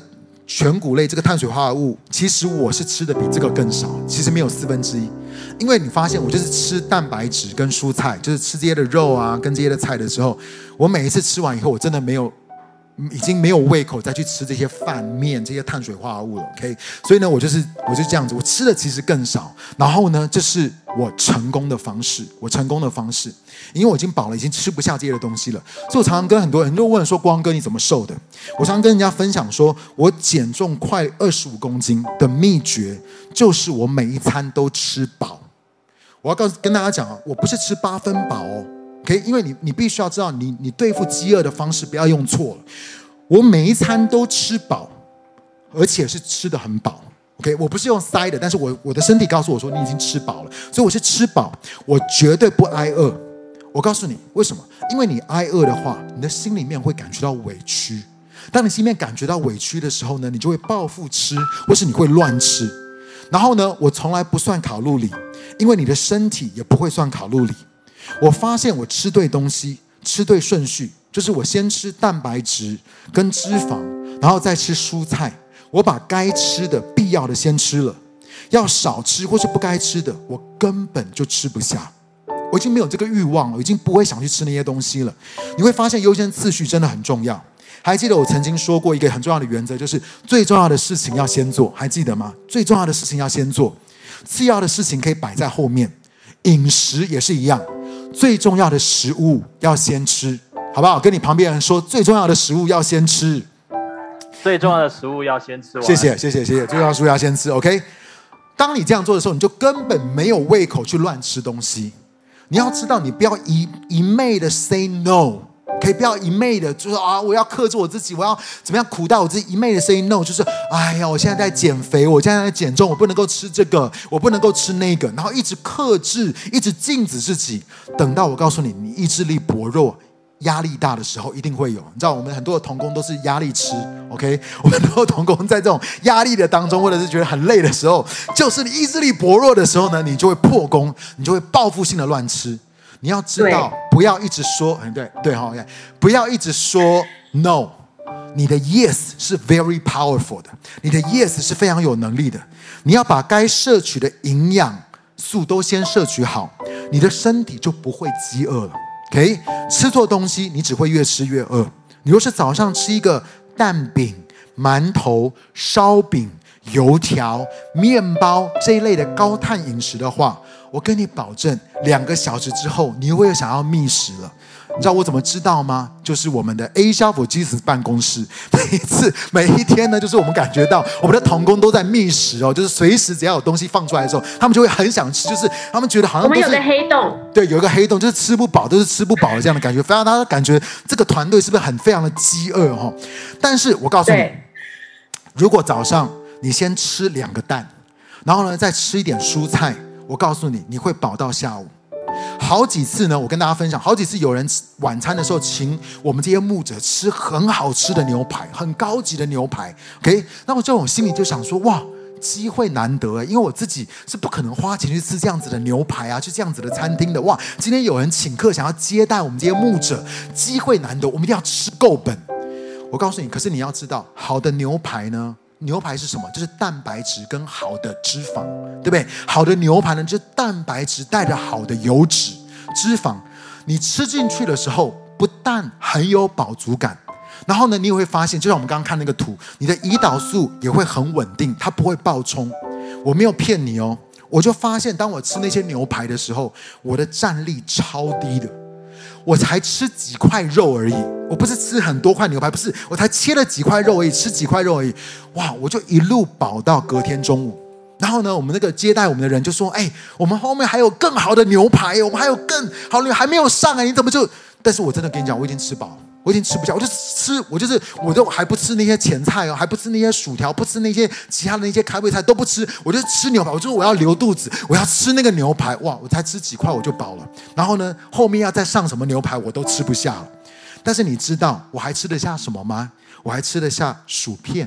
全穀類這個碳水化合物，其實我是吃的比這個更少，其實沒有四分之一，因為你發現我就是吃蛋白質跟蔬菜，就是吃這些的肉啊跟這些的菜的時候，我每一次吃完以後，我真的沒有。已經沒有胃口再去吃這些飯麵這些碳水化合物了，OK？所以呢，我就是我就是這樣子，我吃的其實更少。然後呢，這是我成功的方式，我成功的方式，因為我已經飽了，已經吃不下這些東西了。所以我常常跟很多人就問說：“光哥，你怎麼瘦的？”我常常跟人家分享說：“我減重快二十五公斤的祕訣，就是我每一餐都吃飽。”我要告訴跟大家講啊，我不是吃八分飽哦。OK，因為你你必須要知道你，你你對付飢餓的方式不要用錯了。我每一餐都吃飽，而且是吃得很飽。OK，我不是用塞的，但是我我的身體告訴我說你已經吃飽了，所以我是吃飽，我絕對不挨餓。我告訴你為什麼？因為你挨餓的話，你的心裡面會感覺到委屈。當你心裡面感覺到委屈的時候呢，你就會報復吃，或是你會亂吃。然後呢，我從來不算卡路里，因為你的身體也不會算卡路里。我發現我吃對東西，吃對順序，就是我先吃蛋白質跟脂肪，然後再吃蔬菜。我把該吃的、必要的先吃了，要少吃或是不該吃的，我根本就吃不下。我已經沒有這個慾望了，已經不會想去吃那些東西了。你會發現優先次序真的很重要。還記得我曾經說過一個很重要的原則，就是最重要的事情要先做，還記得嗎？最重要的事情要先做，次要的事情可以擺在後面。飲食也是一樣。最重要的食物要先吃，好不好？跟你旁邊人說，最重要的食物要先吃。最重要的食物要先吃完，謝謝謝謝謝謝，最重要的食物要先吃。OK，當你這樣做的時候，你就根本沒有胃口去亂吃東西。你要知道，你不要一一昧的 say no。可以不要一昧的就說、是、啊，我要克制我自己，我要怎麼樣苦到我自己，一昧的 say No，就是哎呀，我現在在減肥，我現在在減重，我不能夠吃這個，我不能夠吃那個，然後一直克制，一直禁止自己。等到我告訴你，你意志力薄弱、壓力大的時候，一定會有。你知道，我們很多的同工都是壓力吃。OK，我們很多的同工在這種壓力的當中，或者是覺得很累的時候，就是你意志力薄弱的時候呢，你就會破功，你就會報復性的亂吃。你要知道，不要一直說，很對，對哈、哦，不要一直說 no。你的 yes 是 very powerful 的，你的 yes 是非常有能力的。你要把該攝取的營養素都先攝取好，你的身體就不會飢餓了。OK，吃錯東西，你只會越吃越餓。你若是早上吃一個蛋餅、饅頭、燒餅、油條、麵包這一類的高碳飲食的話，我跟你保證，兩個小時之後，你又會有想要覓食了。你知道我怎麼知道嗎？就是我們的 Asia for Jesus 辦公室，每一次每一天呢，就是我們感覺到我們的同工都在覓食哦，就是隨時只要有東西放出來的時候，他們就會很想吃，就是他們覺得好像都是我們有個黑洞，對，有一個黑洞，就是吃不飽，都、就是吃不飽的、就是、這樣的感覺，讓大家感覺這個團隊是不是很非常的飢餓哦？但是我告訴你，如果早上你先吃兩個蛋，然後呢，再吃一點蔬菜。我告訴你，你會飽到下午。好幾次呢，我跟大家分享，好幾次有人晚餐的時候請我們這些牧者吃很好吃的牛排，很高級的牛排。OK，那我在我心裡就想說，哇，機會難得啊，因為我自己是不可能花錢去吃這樣子的牛排啊，去這樣子的餐廳的。哇，今天有人請客，想要接待我們這些牧者，機會難得，我們一定要吃夠本。我告訴你，可是你要知道，好的牛排呢？牛排是什麼？就是蛋白質跟好的脂肪，對不對？好的牛排呢，就是蛋白質帶着好的油脂、脂肪。你吃進去的時候，不但很有飽足感，然後呢，你也會發現，就像我們剛剛看那個圖，你的胰島素也會很穩定，它不會暴衝。我沒有騙你哦，我就發現，當我吃那些牛排的時候，我的戰力超低的。我才吃幾塊肉而已，我不是吃很多塊牛排，不是，我才切了幾塊肉而已，吃幾塊肉而已，哇，我就一路飽到隔天中午。然後呢，我們那個接待我們的人就說：“哎，我們後面還有更好的牛排，我們還有更好牛排還沒有上哎，你怎麼就？”但是我真的跟你講，我已經吃飽了。我已經吃不下，我就吃，我就是，我都還不吃那些前菜哦，還不吃那些薯條，不吃那些其他的那些開胃菜都不吃，我就吃牛排，我就我要留肚子，我要吃那個牛排，哇，我才吃幾塊我就飽了。然後呢，後面要再上什麼牛排我都吃不下了。但是你知道我還吃得下什麼嗎？我還吃得下薯片、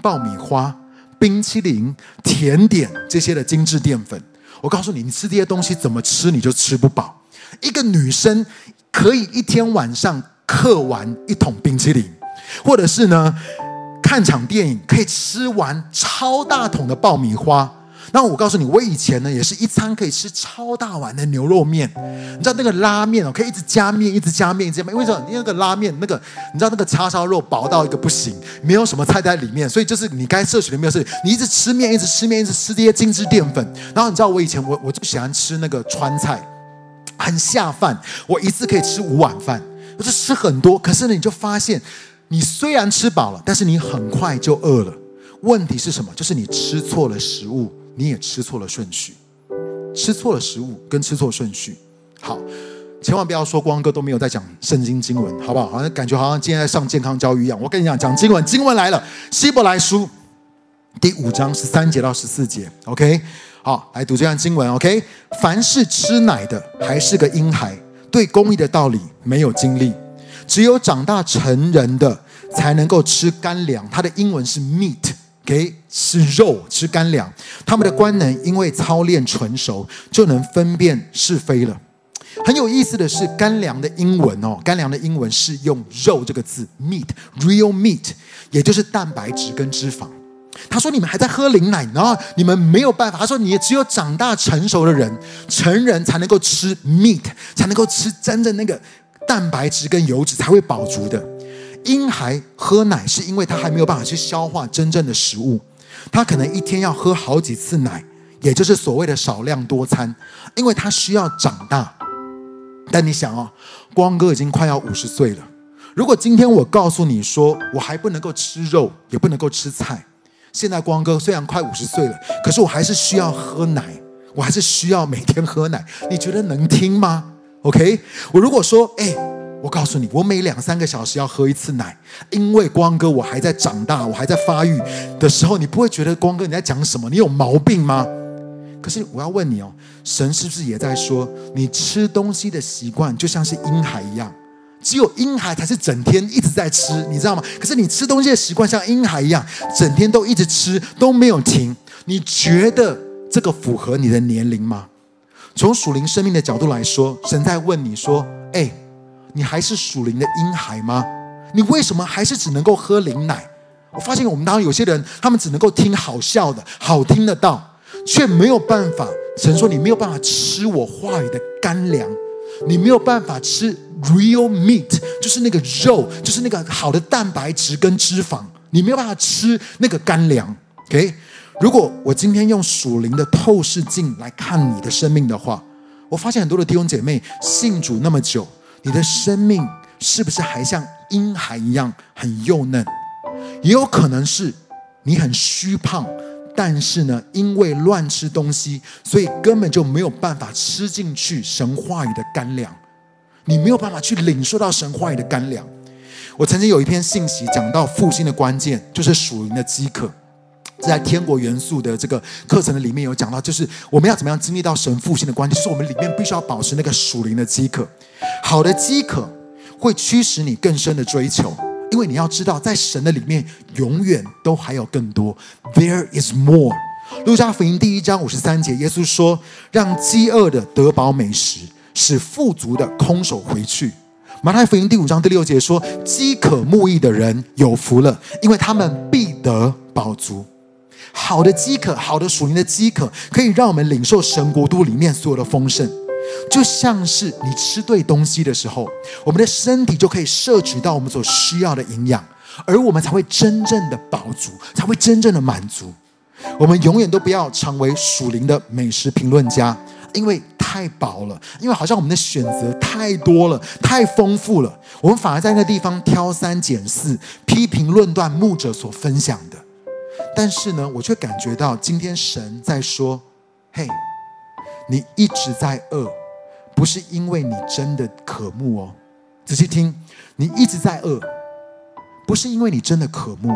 爆米花、冰淇淋、甜點這些的精緻澱粉。我告訴你，你吃這些東西怎麼吃你就吃不飽。一個女生可以一天晚上，嗑完一桶冰淇淋，或者是呢，看場電影可以吃完超大桶的爆米花。那我告訴你，我以前呢也是一餐可以吃超大碗的牛肉麵。你知道那個拉麵哦，可以一直加麵，一直加麵，一直加麵。為什麼？因為那個拉麵，那個你知道那個叉燒肉薄到一個不行，沒有什麼菜在裡面，所以就是你該攝取的沒有攝取，你一直吃麵，一直吃麵，一直吃這些精制澱粉。然後你知道我以前我我就喜歡吃那個川菜，很下飯，我一次可以吃五碗飯。不是吃很多，可是呢，你就發現，你雖然吃飽了，但是你很快就餓了。問題是什麼？就是你吃錯了食物，你也吃錯了順序，吃錯了食物跟吃錯順序。好，千萬不要說光哥都沒有在講聖經經文，好不好？好像感覺好像今天在上健康教育一樣。我跟你講，講經文，經文來了，《希伯來書》第五章十三節到十四節，OK？好，來讀這段經文，OK？凡是吃奶的，還是個嬰孩。對公義的道理沒有經歷，只有長大成人的才能夠吃乾糧。它的英文是 meat，給、okay? 吃肉吃乾糧。他們的官能因為操練純熟，就能分辨是非了。很有意思的是，乾糧的英文哦，乾糧的英文是用肉這個字 meat，real meat，也就是蛋白質跟脂肪。他說：“你們還在喝靈奶，然後你們沒有辦法。”他說：“你只有長大成熟的人，成人才能夠吃 meat，才能夠吃真正那個蛋白質跟油脂，才會飽足的。嬰孩喝奶是因為他還沒有辦法去消化真正的食物，他可能一天要喝好幾次奶，也就是所謂的少量多餐，因為他需要長大。但你想哦，光哥已經快要五十歲了。如果今天我告訴你說我還不能夠吃肉，也不能夠吃菜。”現在光哥雖然快五十歲了，可是我還是需要喝奶，我還是需要每天喝奶。你覺得能聽嗎？OK？我如果說，哎、欸，我告訴你，我每兩三個小時要喝一次奶，因為光哥我還在長大，我還在發育的時候，你不會覺得光哥你在講什麼？你有毛病嗎？可是我要問你哦，神是不是也在說，你吃東西的習慣就像是嬰孩一樣？只有嬰孩才是整天一直在吃，你知道嗎？可是你吃東西的習慣像嬰孩一樣，整天都一直吃，都沒有停。你覺得這個符合你的年齡嗎？從屬靈生命的角度來說，神在問你說：“哎、欸，你還是屬靈的嬰孩嗎？你為什麼還是只能夠喝靈奶？”我發現我們當中有些人，他們只能夠聽好笑的，好聽的道，卻沒有辦法。神說：“你沒有辦法吃我話語的乾糧，你沒有辦法吃。” Real meat 就是那個肉，就是那個好的蛋白質跟脂肪，你沒有辦法吃那個乾糧。OK，如果我今天用屬靈的透視鏡來看你的生命的話，我發現很多的弟兄姐妹信主那麼久，你的生命是不是還像嬰孩一樣很幼嫩？也有可能是你很虛胖，但是呢，因為亂吃東西，所以根本就沒有辦法吃進去神話語的乾糧。你沒有辦法去領受到神話語的乾糧。我曾經有一篇信息講到復興的關鍵就是屬靈的飢渴，在天國元素的這個課程的裡面有講到，就是我們要怎麼樣經歷到神復興的關鍵，是我們裡面必須要保持那個屬靈的飢渴。好的飢渴會驅使你更深的追求，因為你要知道，在神的裡面永遠都還有更多。There is more。路加福音第一章五十三節，耶穌說：“讓飢餓的得飽美食。”使富足的空手回去。馬太福音第五章第六節說：“飢渴慕義的人有福了，因為他們必得飽足。”好的飢渴，好的屬靈的飢渴，可以讓我們領受神國度裡面所有的豐盛。就像是你吃對東西的時候，我們的身體就可以攝取到我們所需要的營養，而我們才會真正的飽足，才會真正的滿足。我們永遠都不要成為屬靈的美食評論家。因為太飽了，因為好像我們的選擇太多了，太豐富了，我們反而在那地方挑三揀四、批評論斷牧者所分享的。但是呢，我卻感覺到今天神在說：“嘿，你一直在餓，不是因為你真的渴慕哦。仔細聽，你一直在餓，不是因為你真的渴慕，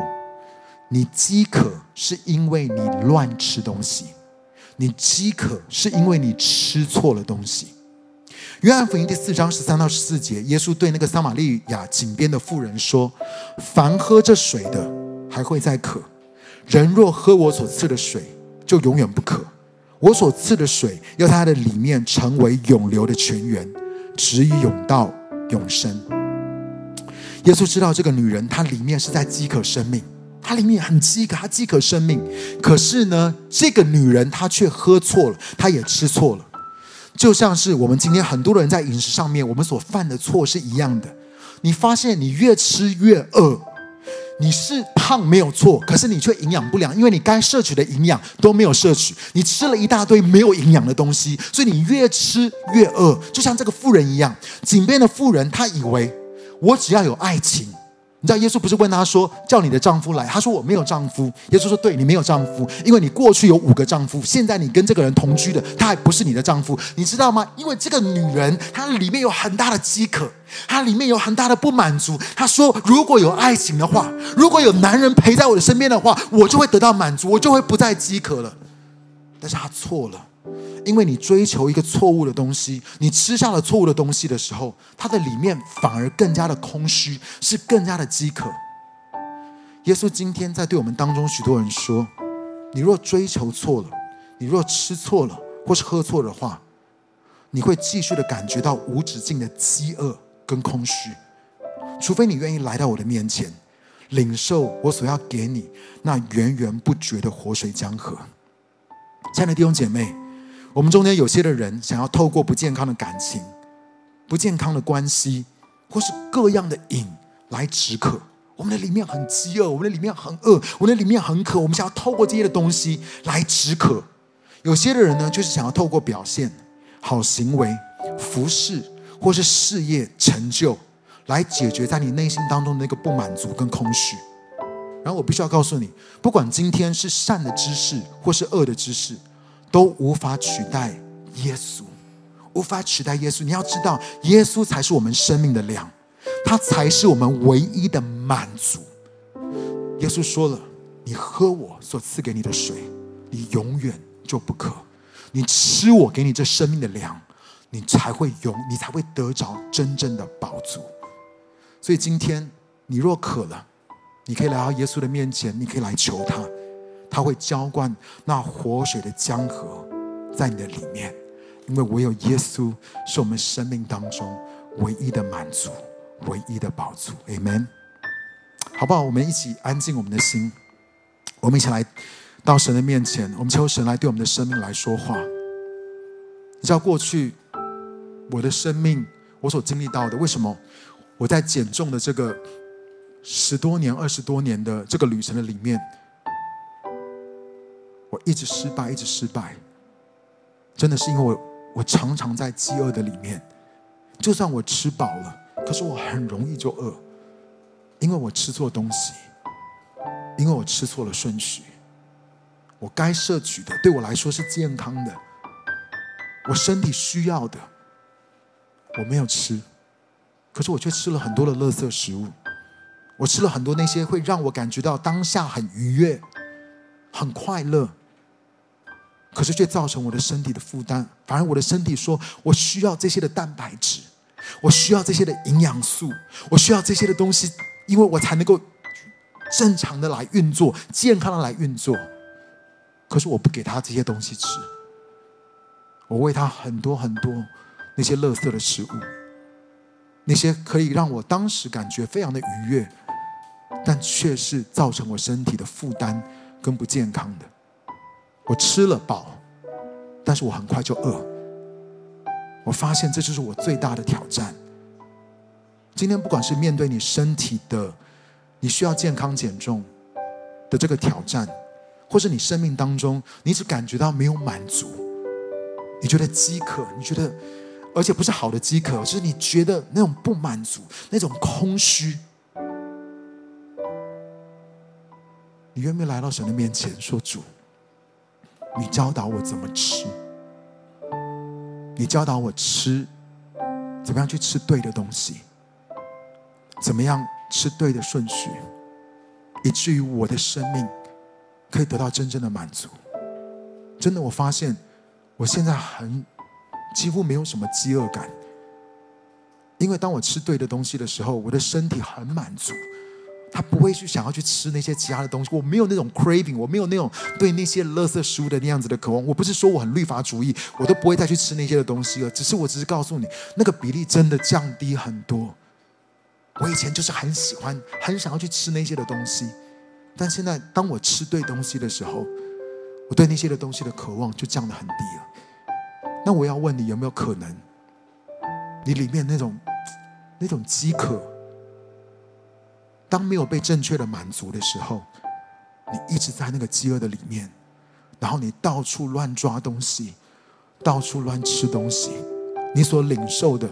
你飢渴是因為你亂吃東西。”你飢渴是因為你吃錯了東西。約翰福音第四章十三到十四節，耶穌對那個撒瑪利亞井邊的婦人說：“凡喝這水的，還會再渴；人若喝我所賜的水，就永遠不渴。我所賜的水，要在他的裡面成為湧流的泉源，直以湧到永生。”耶穌知道這個女人，她裡面是在飢渴生命。它裡面很飢渴，它飢渴生命。可是呢，這個女人她卻喝錯了，她也吃錯了，就像是我們今天很多人在飲食上面我們所犯的錯是一樣的。你發現你越吃越餓，你是胖沒有錯，可是你卻營養不良，因為你該攝取的營養都沒有攝取，你吃了一大堆沒有營養的東西，所以你越吃越餓。就像這個婦人一樣，井邊的婦人，他以為我只要有愛情。你知道耶穌不是問她說，叫你的丈夫來？她說我沒有丈夫。耶穌說：對，你沒有丈夫，因為你過去有五個丈夫，現在你跟這個人同居的，他還不是你的丈夫，你知道嗎？因為這個女人她裡面有很大的飢渴，她裡面有很大的不滿足。她說：如果有愛情的話，如果有男人陪在我的身邊的話，我就會得到滿足，我就會不再飢渴了。但是她錯了。因為你追求一個錯誤的東西，你吃下了錯誤的東西的時候，它的裡面反而更加的空虛，是更加的飢渴。耶穌今天在對我們當中許多人說：“你若追求錯了，你若吃錯了，或是喝錯的話，你會繼續的感覺到無止境的飢餓跟空虛，除非你願意來到我的面前，領受我所要給你那源源不絕的活水江河。”親愛的弟兄姐妹，我們中間有些的人想要透過不健康的感情、不健康的關係，或是各樣的癮來止渴。我們的裡面很飢餓，我們的裡面很餓，我們的裡面很渴。我們想要透過這些的東西來止渴。有些的人呢，就是想要透過表現、好行為、服事或是事業成就，來解決在你內心當中的那個不滿足跟空虛。然後我必須要告訴你，不管今天是善的知識或是惡的知識。都無法取代耶穌，無法取代耶穌。你要知道，耶穌才是我們生命的糧，他才是我們唯一的滿足。耶穌說了：“你喝我所賜給你的水，你永遠就不渴；你吃我給你這生命的糧，你才會有，你才會得着真正的飽足。”所以，今天你若渴了，你可以來到耶穌的面前，你可以來求他。他會澆灌那活水的江河，在你的裡面，因為唯有耶穌，是我們生命當中唯一的滿足，唯一的飽足。Amen。好不好？我們一起安靜我們的心，我們一起來到神的面前，我們求神來對我們的生命來說話。你知道過去我的生命，我所經歷到的，為什麼我在減重的這個十多年、二十多年的這個旅程的裡面，一直失敗，一直失敗，真的是因為我我常常在飢餓的裡面。就算我吃飽了，可是我很容易就餓，因為我吃錯東西，因為我吃錯了順序。我該攝取的對我來說是健康的，我身體需要的，我沒有吃，可是我卻吃了很多的垃圾食物。我吃了很多那些會讓我感覺到當下很愉悅、很快樂。可是卻造成我的身體的負擔，反而我的身體說：“我需要這些的蛋白質，我需要這些的營養素，我需要這些的東西，因為我才能夠正常的來運作，健康的來運作。”可是我不給他這些東西吃，我餵他很多很多那些垃圾的食物，那些可以讓我當時感覺非常的愉悅，但卻是造成我身體的負擔跟不健康的。我吃了飽，但是我很快就餓。我發現這就是我最大的挑戰。今天不管是面對你身體的你需要健康減重的這個挑戰，或是你生命當中你只感覺到沒有滿足，你覺得飢渴，你覺得而且不是好的飢渴，是你覺得那種不滿足、那種空虛，你願不願意來到神的面前說，主你教導我怎麼吃，你教導我吃，怎麼樣去吃對的東西，怎麼樣吃對的順序，以至於我的生命可以得到真正的滿足。真的，我發現我現在很幾乎沒有什麼飢餓感，因為當我吃對的東西的時候，我的身體很滿足。他不會去想要去吃那些其他的東西，我沒有那種 craving，我沒有那種對那些垃圾食物的那樣子的渴望。我不是說我很律法主義，我都不會再去吃那些的東西了。只是，我只是告訴你，那個比例真的降低很多。我以前就是很喜歡，很想要去吃那些的東西，但現在當我吃對東西的時候，我對那些的東西的渴望就降得很低了。那我要問你，有沒有可能，你裡面那種那種飢渴？當沒有被正確的滿足的時候，你一直在那個飢餓的裡面，然後你到處亂抓東西，到處亂吃東西。你所領受的，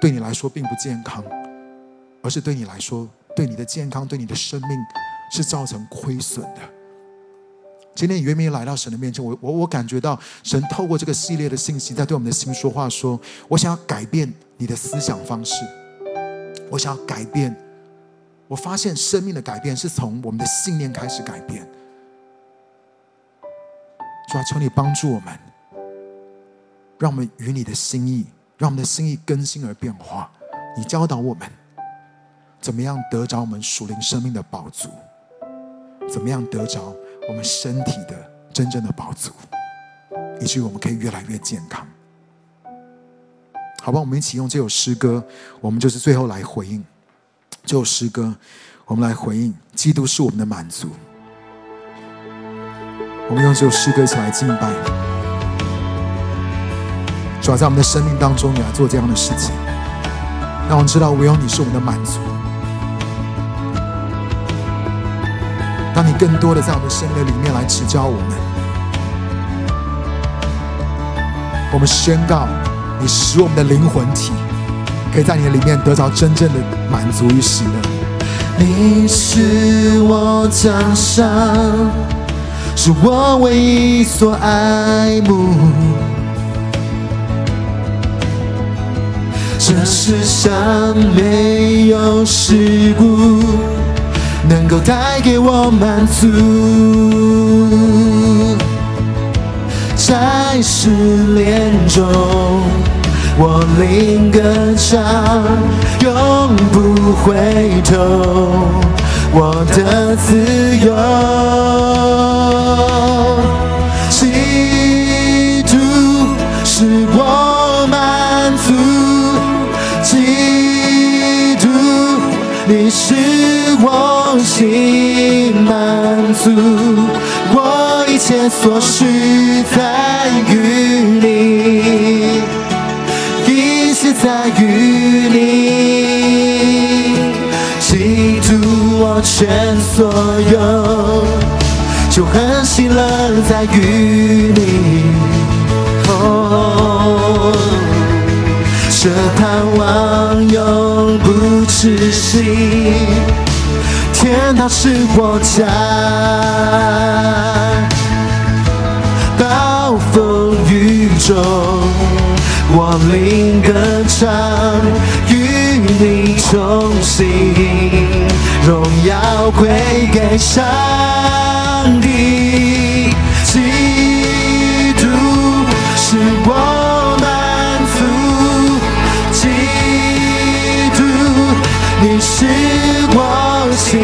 對你來說並不健康，而是對你來說，對你的健康、對你的生命是造成虧損的。今天你願意來到神的面前，我我我感覺到神透過這個系列的信息，在對我們的心說話說，說我想要改變你的思想方式，我想要改變。我發現生命的改變是從我們的信念開始改變。主啊，求你幫助我們，讓我們與你的心意，讓我們的心意更新而變化。你教導我們，怎麼樣得着我們屬靈生命的飽足？怎麼樣得着我們身體的真正的飽足，以至於我們可以越來越健康？好吧，我們一起用這首詩歌，我們就是最後來回應。舊詩歌，我們來回應：基督是我們的滿足。我們用這首詩歌一起來敬拜，主要在我們的生命當中，你要做這樣的事情，讓我們知道唯有你是我們的滿足。當你更多的在我們的生命的裡面來指教我們。我們宣告：你使我們的靈魂體可以在你的裡面得到真正的滿足與喜樂。你是我獎賞，是我唯一所愛慕。這世上沒有事物能夠帶給我滿足，在失戀中。我領歌唱，永不回頭。我的自由，基督是我滿足，基督你是我心滿足，我一切所需在於你。在雨裡，記住我全所有，就狠心了，在雨裡。這盼望永不止息，天堂是我家。暴風雨中。我靈歌唱，與你同行，榮耀歸給上帝。基督是我滿足，基督你是我心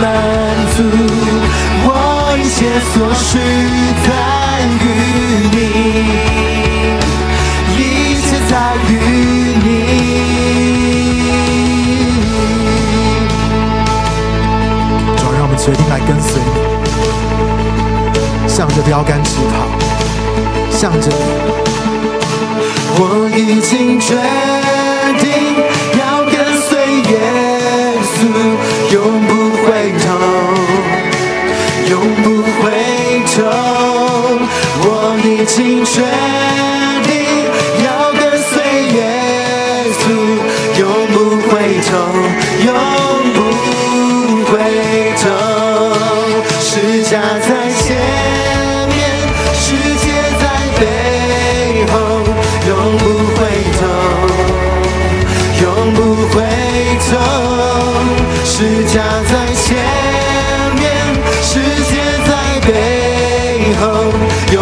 滿足，我一切所需。決定來跟隨你，向着標桿直跑，向着你。我已經決定要跟隨耶穌，永不回頭，永不回頭。我已經決定。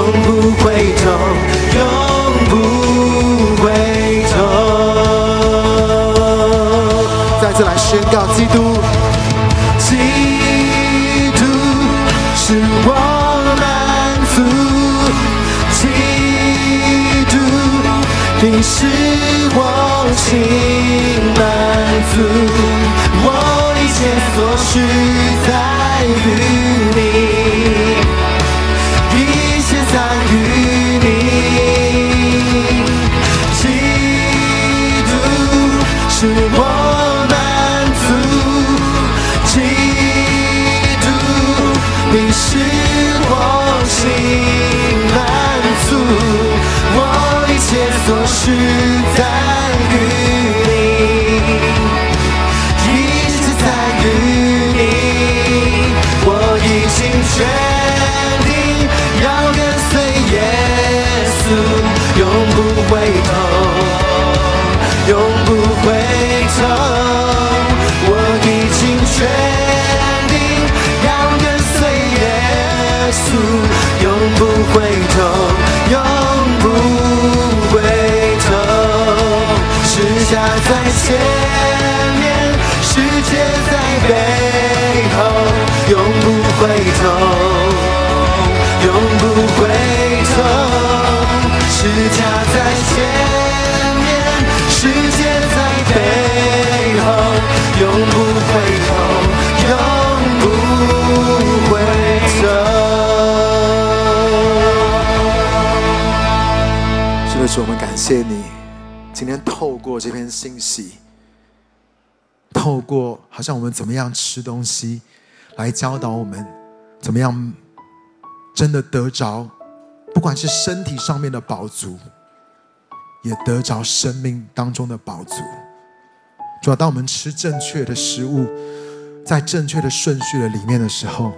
永不回頭，永不回頭。再次來宣告：基督，基督是我滿足，基督你是我心滿足我一切所需。回頭，永不回頭。十架在前面，世界在背後。永不回頭，永不回頭。是不是我們感謝你，今天透過這篇信息，透過好像我們怎麼樣吃東西。來教導我們，怎麼樣真的得着，不管是身體上面的飽足，也得着生命當中的飽足。主要，當我們吃正確的食物，在正確的順序的裡面的時候，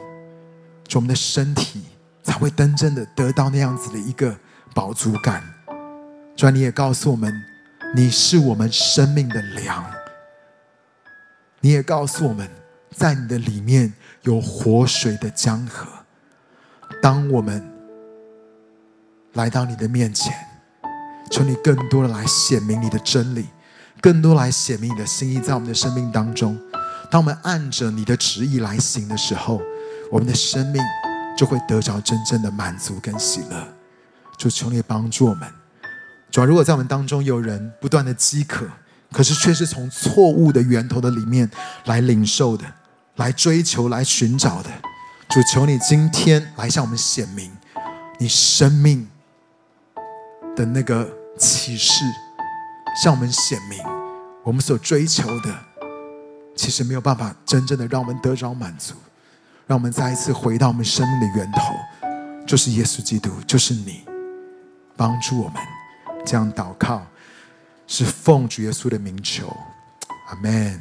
就我們的身體才會真正的得到那樣子的一個飽足感。主要，你也告訴我們，你是我們生命的糧。你也告訴我們，在你的裡面。有活水的江河，當我們來到你的面前，求你更多的來顯明你的真理，更多來顯明你的心意。在我們的生命當中，當我們按着你的旨意來行的時候，我們的生命就會得着真正的滿足跟喜樂。主求你幫助我們。主要如果在我們當中有人不斷的飢渴，可是卻是從錯誤的源頭的裡面來領受的，來追求，來尋找的，主求你今天來向我們顯明你生命的那個啟示，向我們顯明我們所追求的，其實沒有辦法真正的讓我們得着滿足。讓我們再一次回到我們生命的源頭，就是耶穌基督，就是你幫助我們這樣禱告，是奉主耶穌的名求，阿門。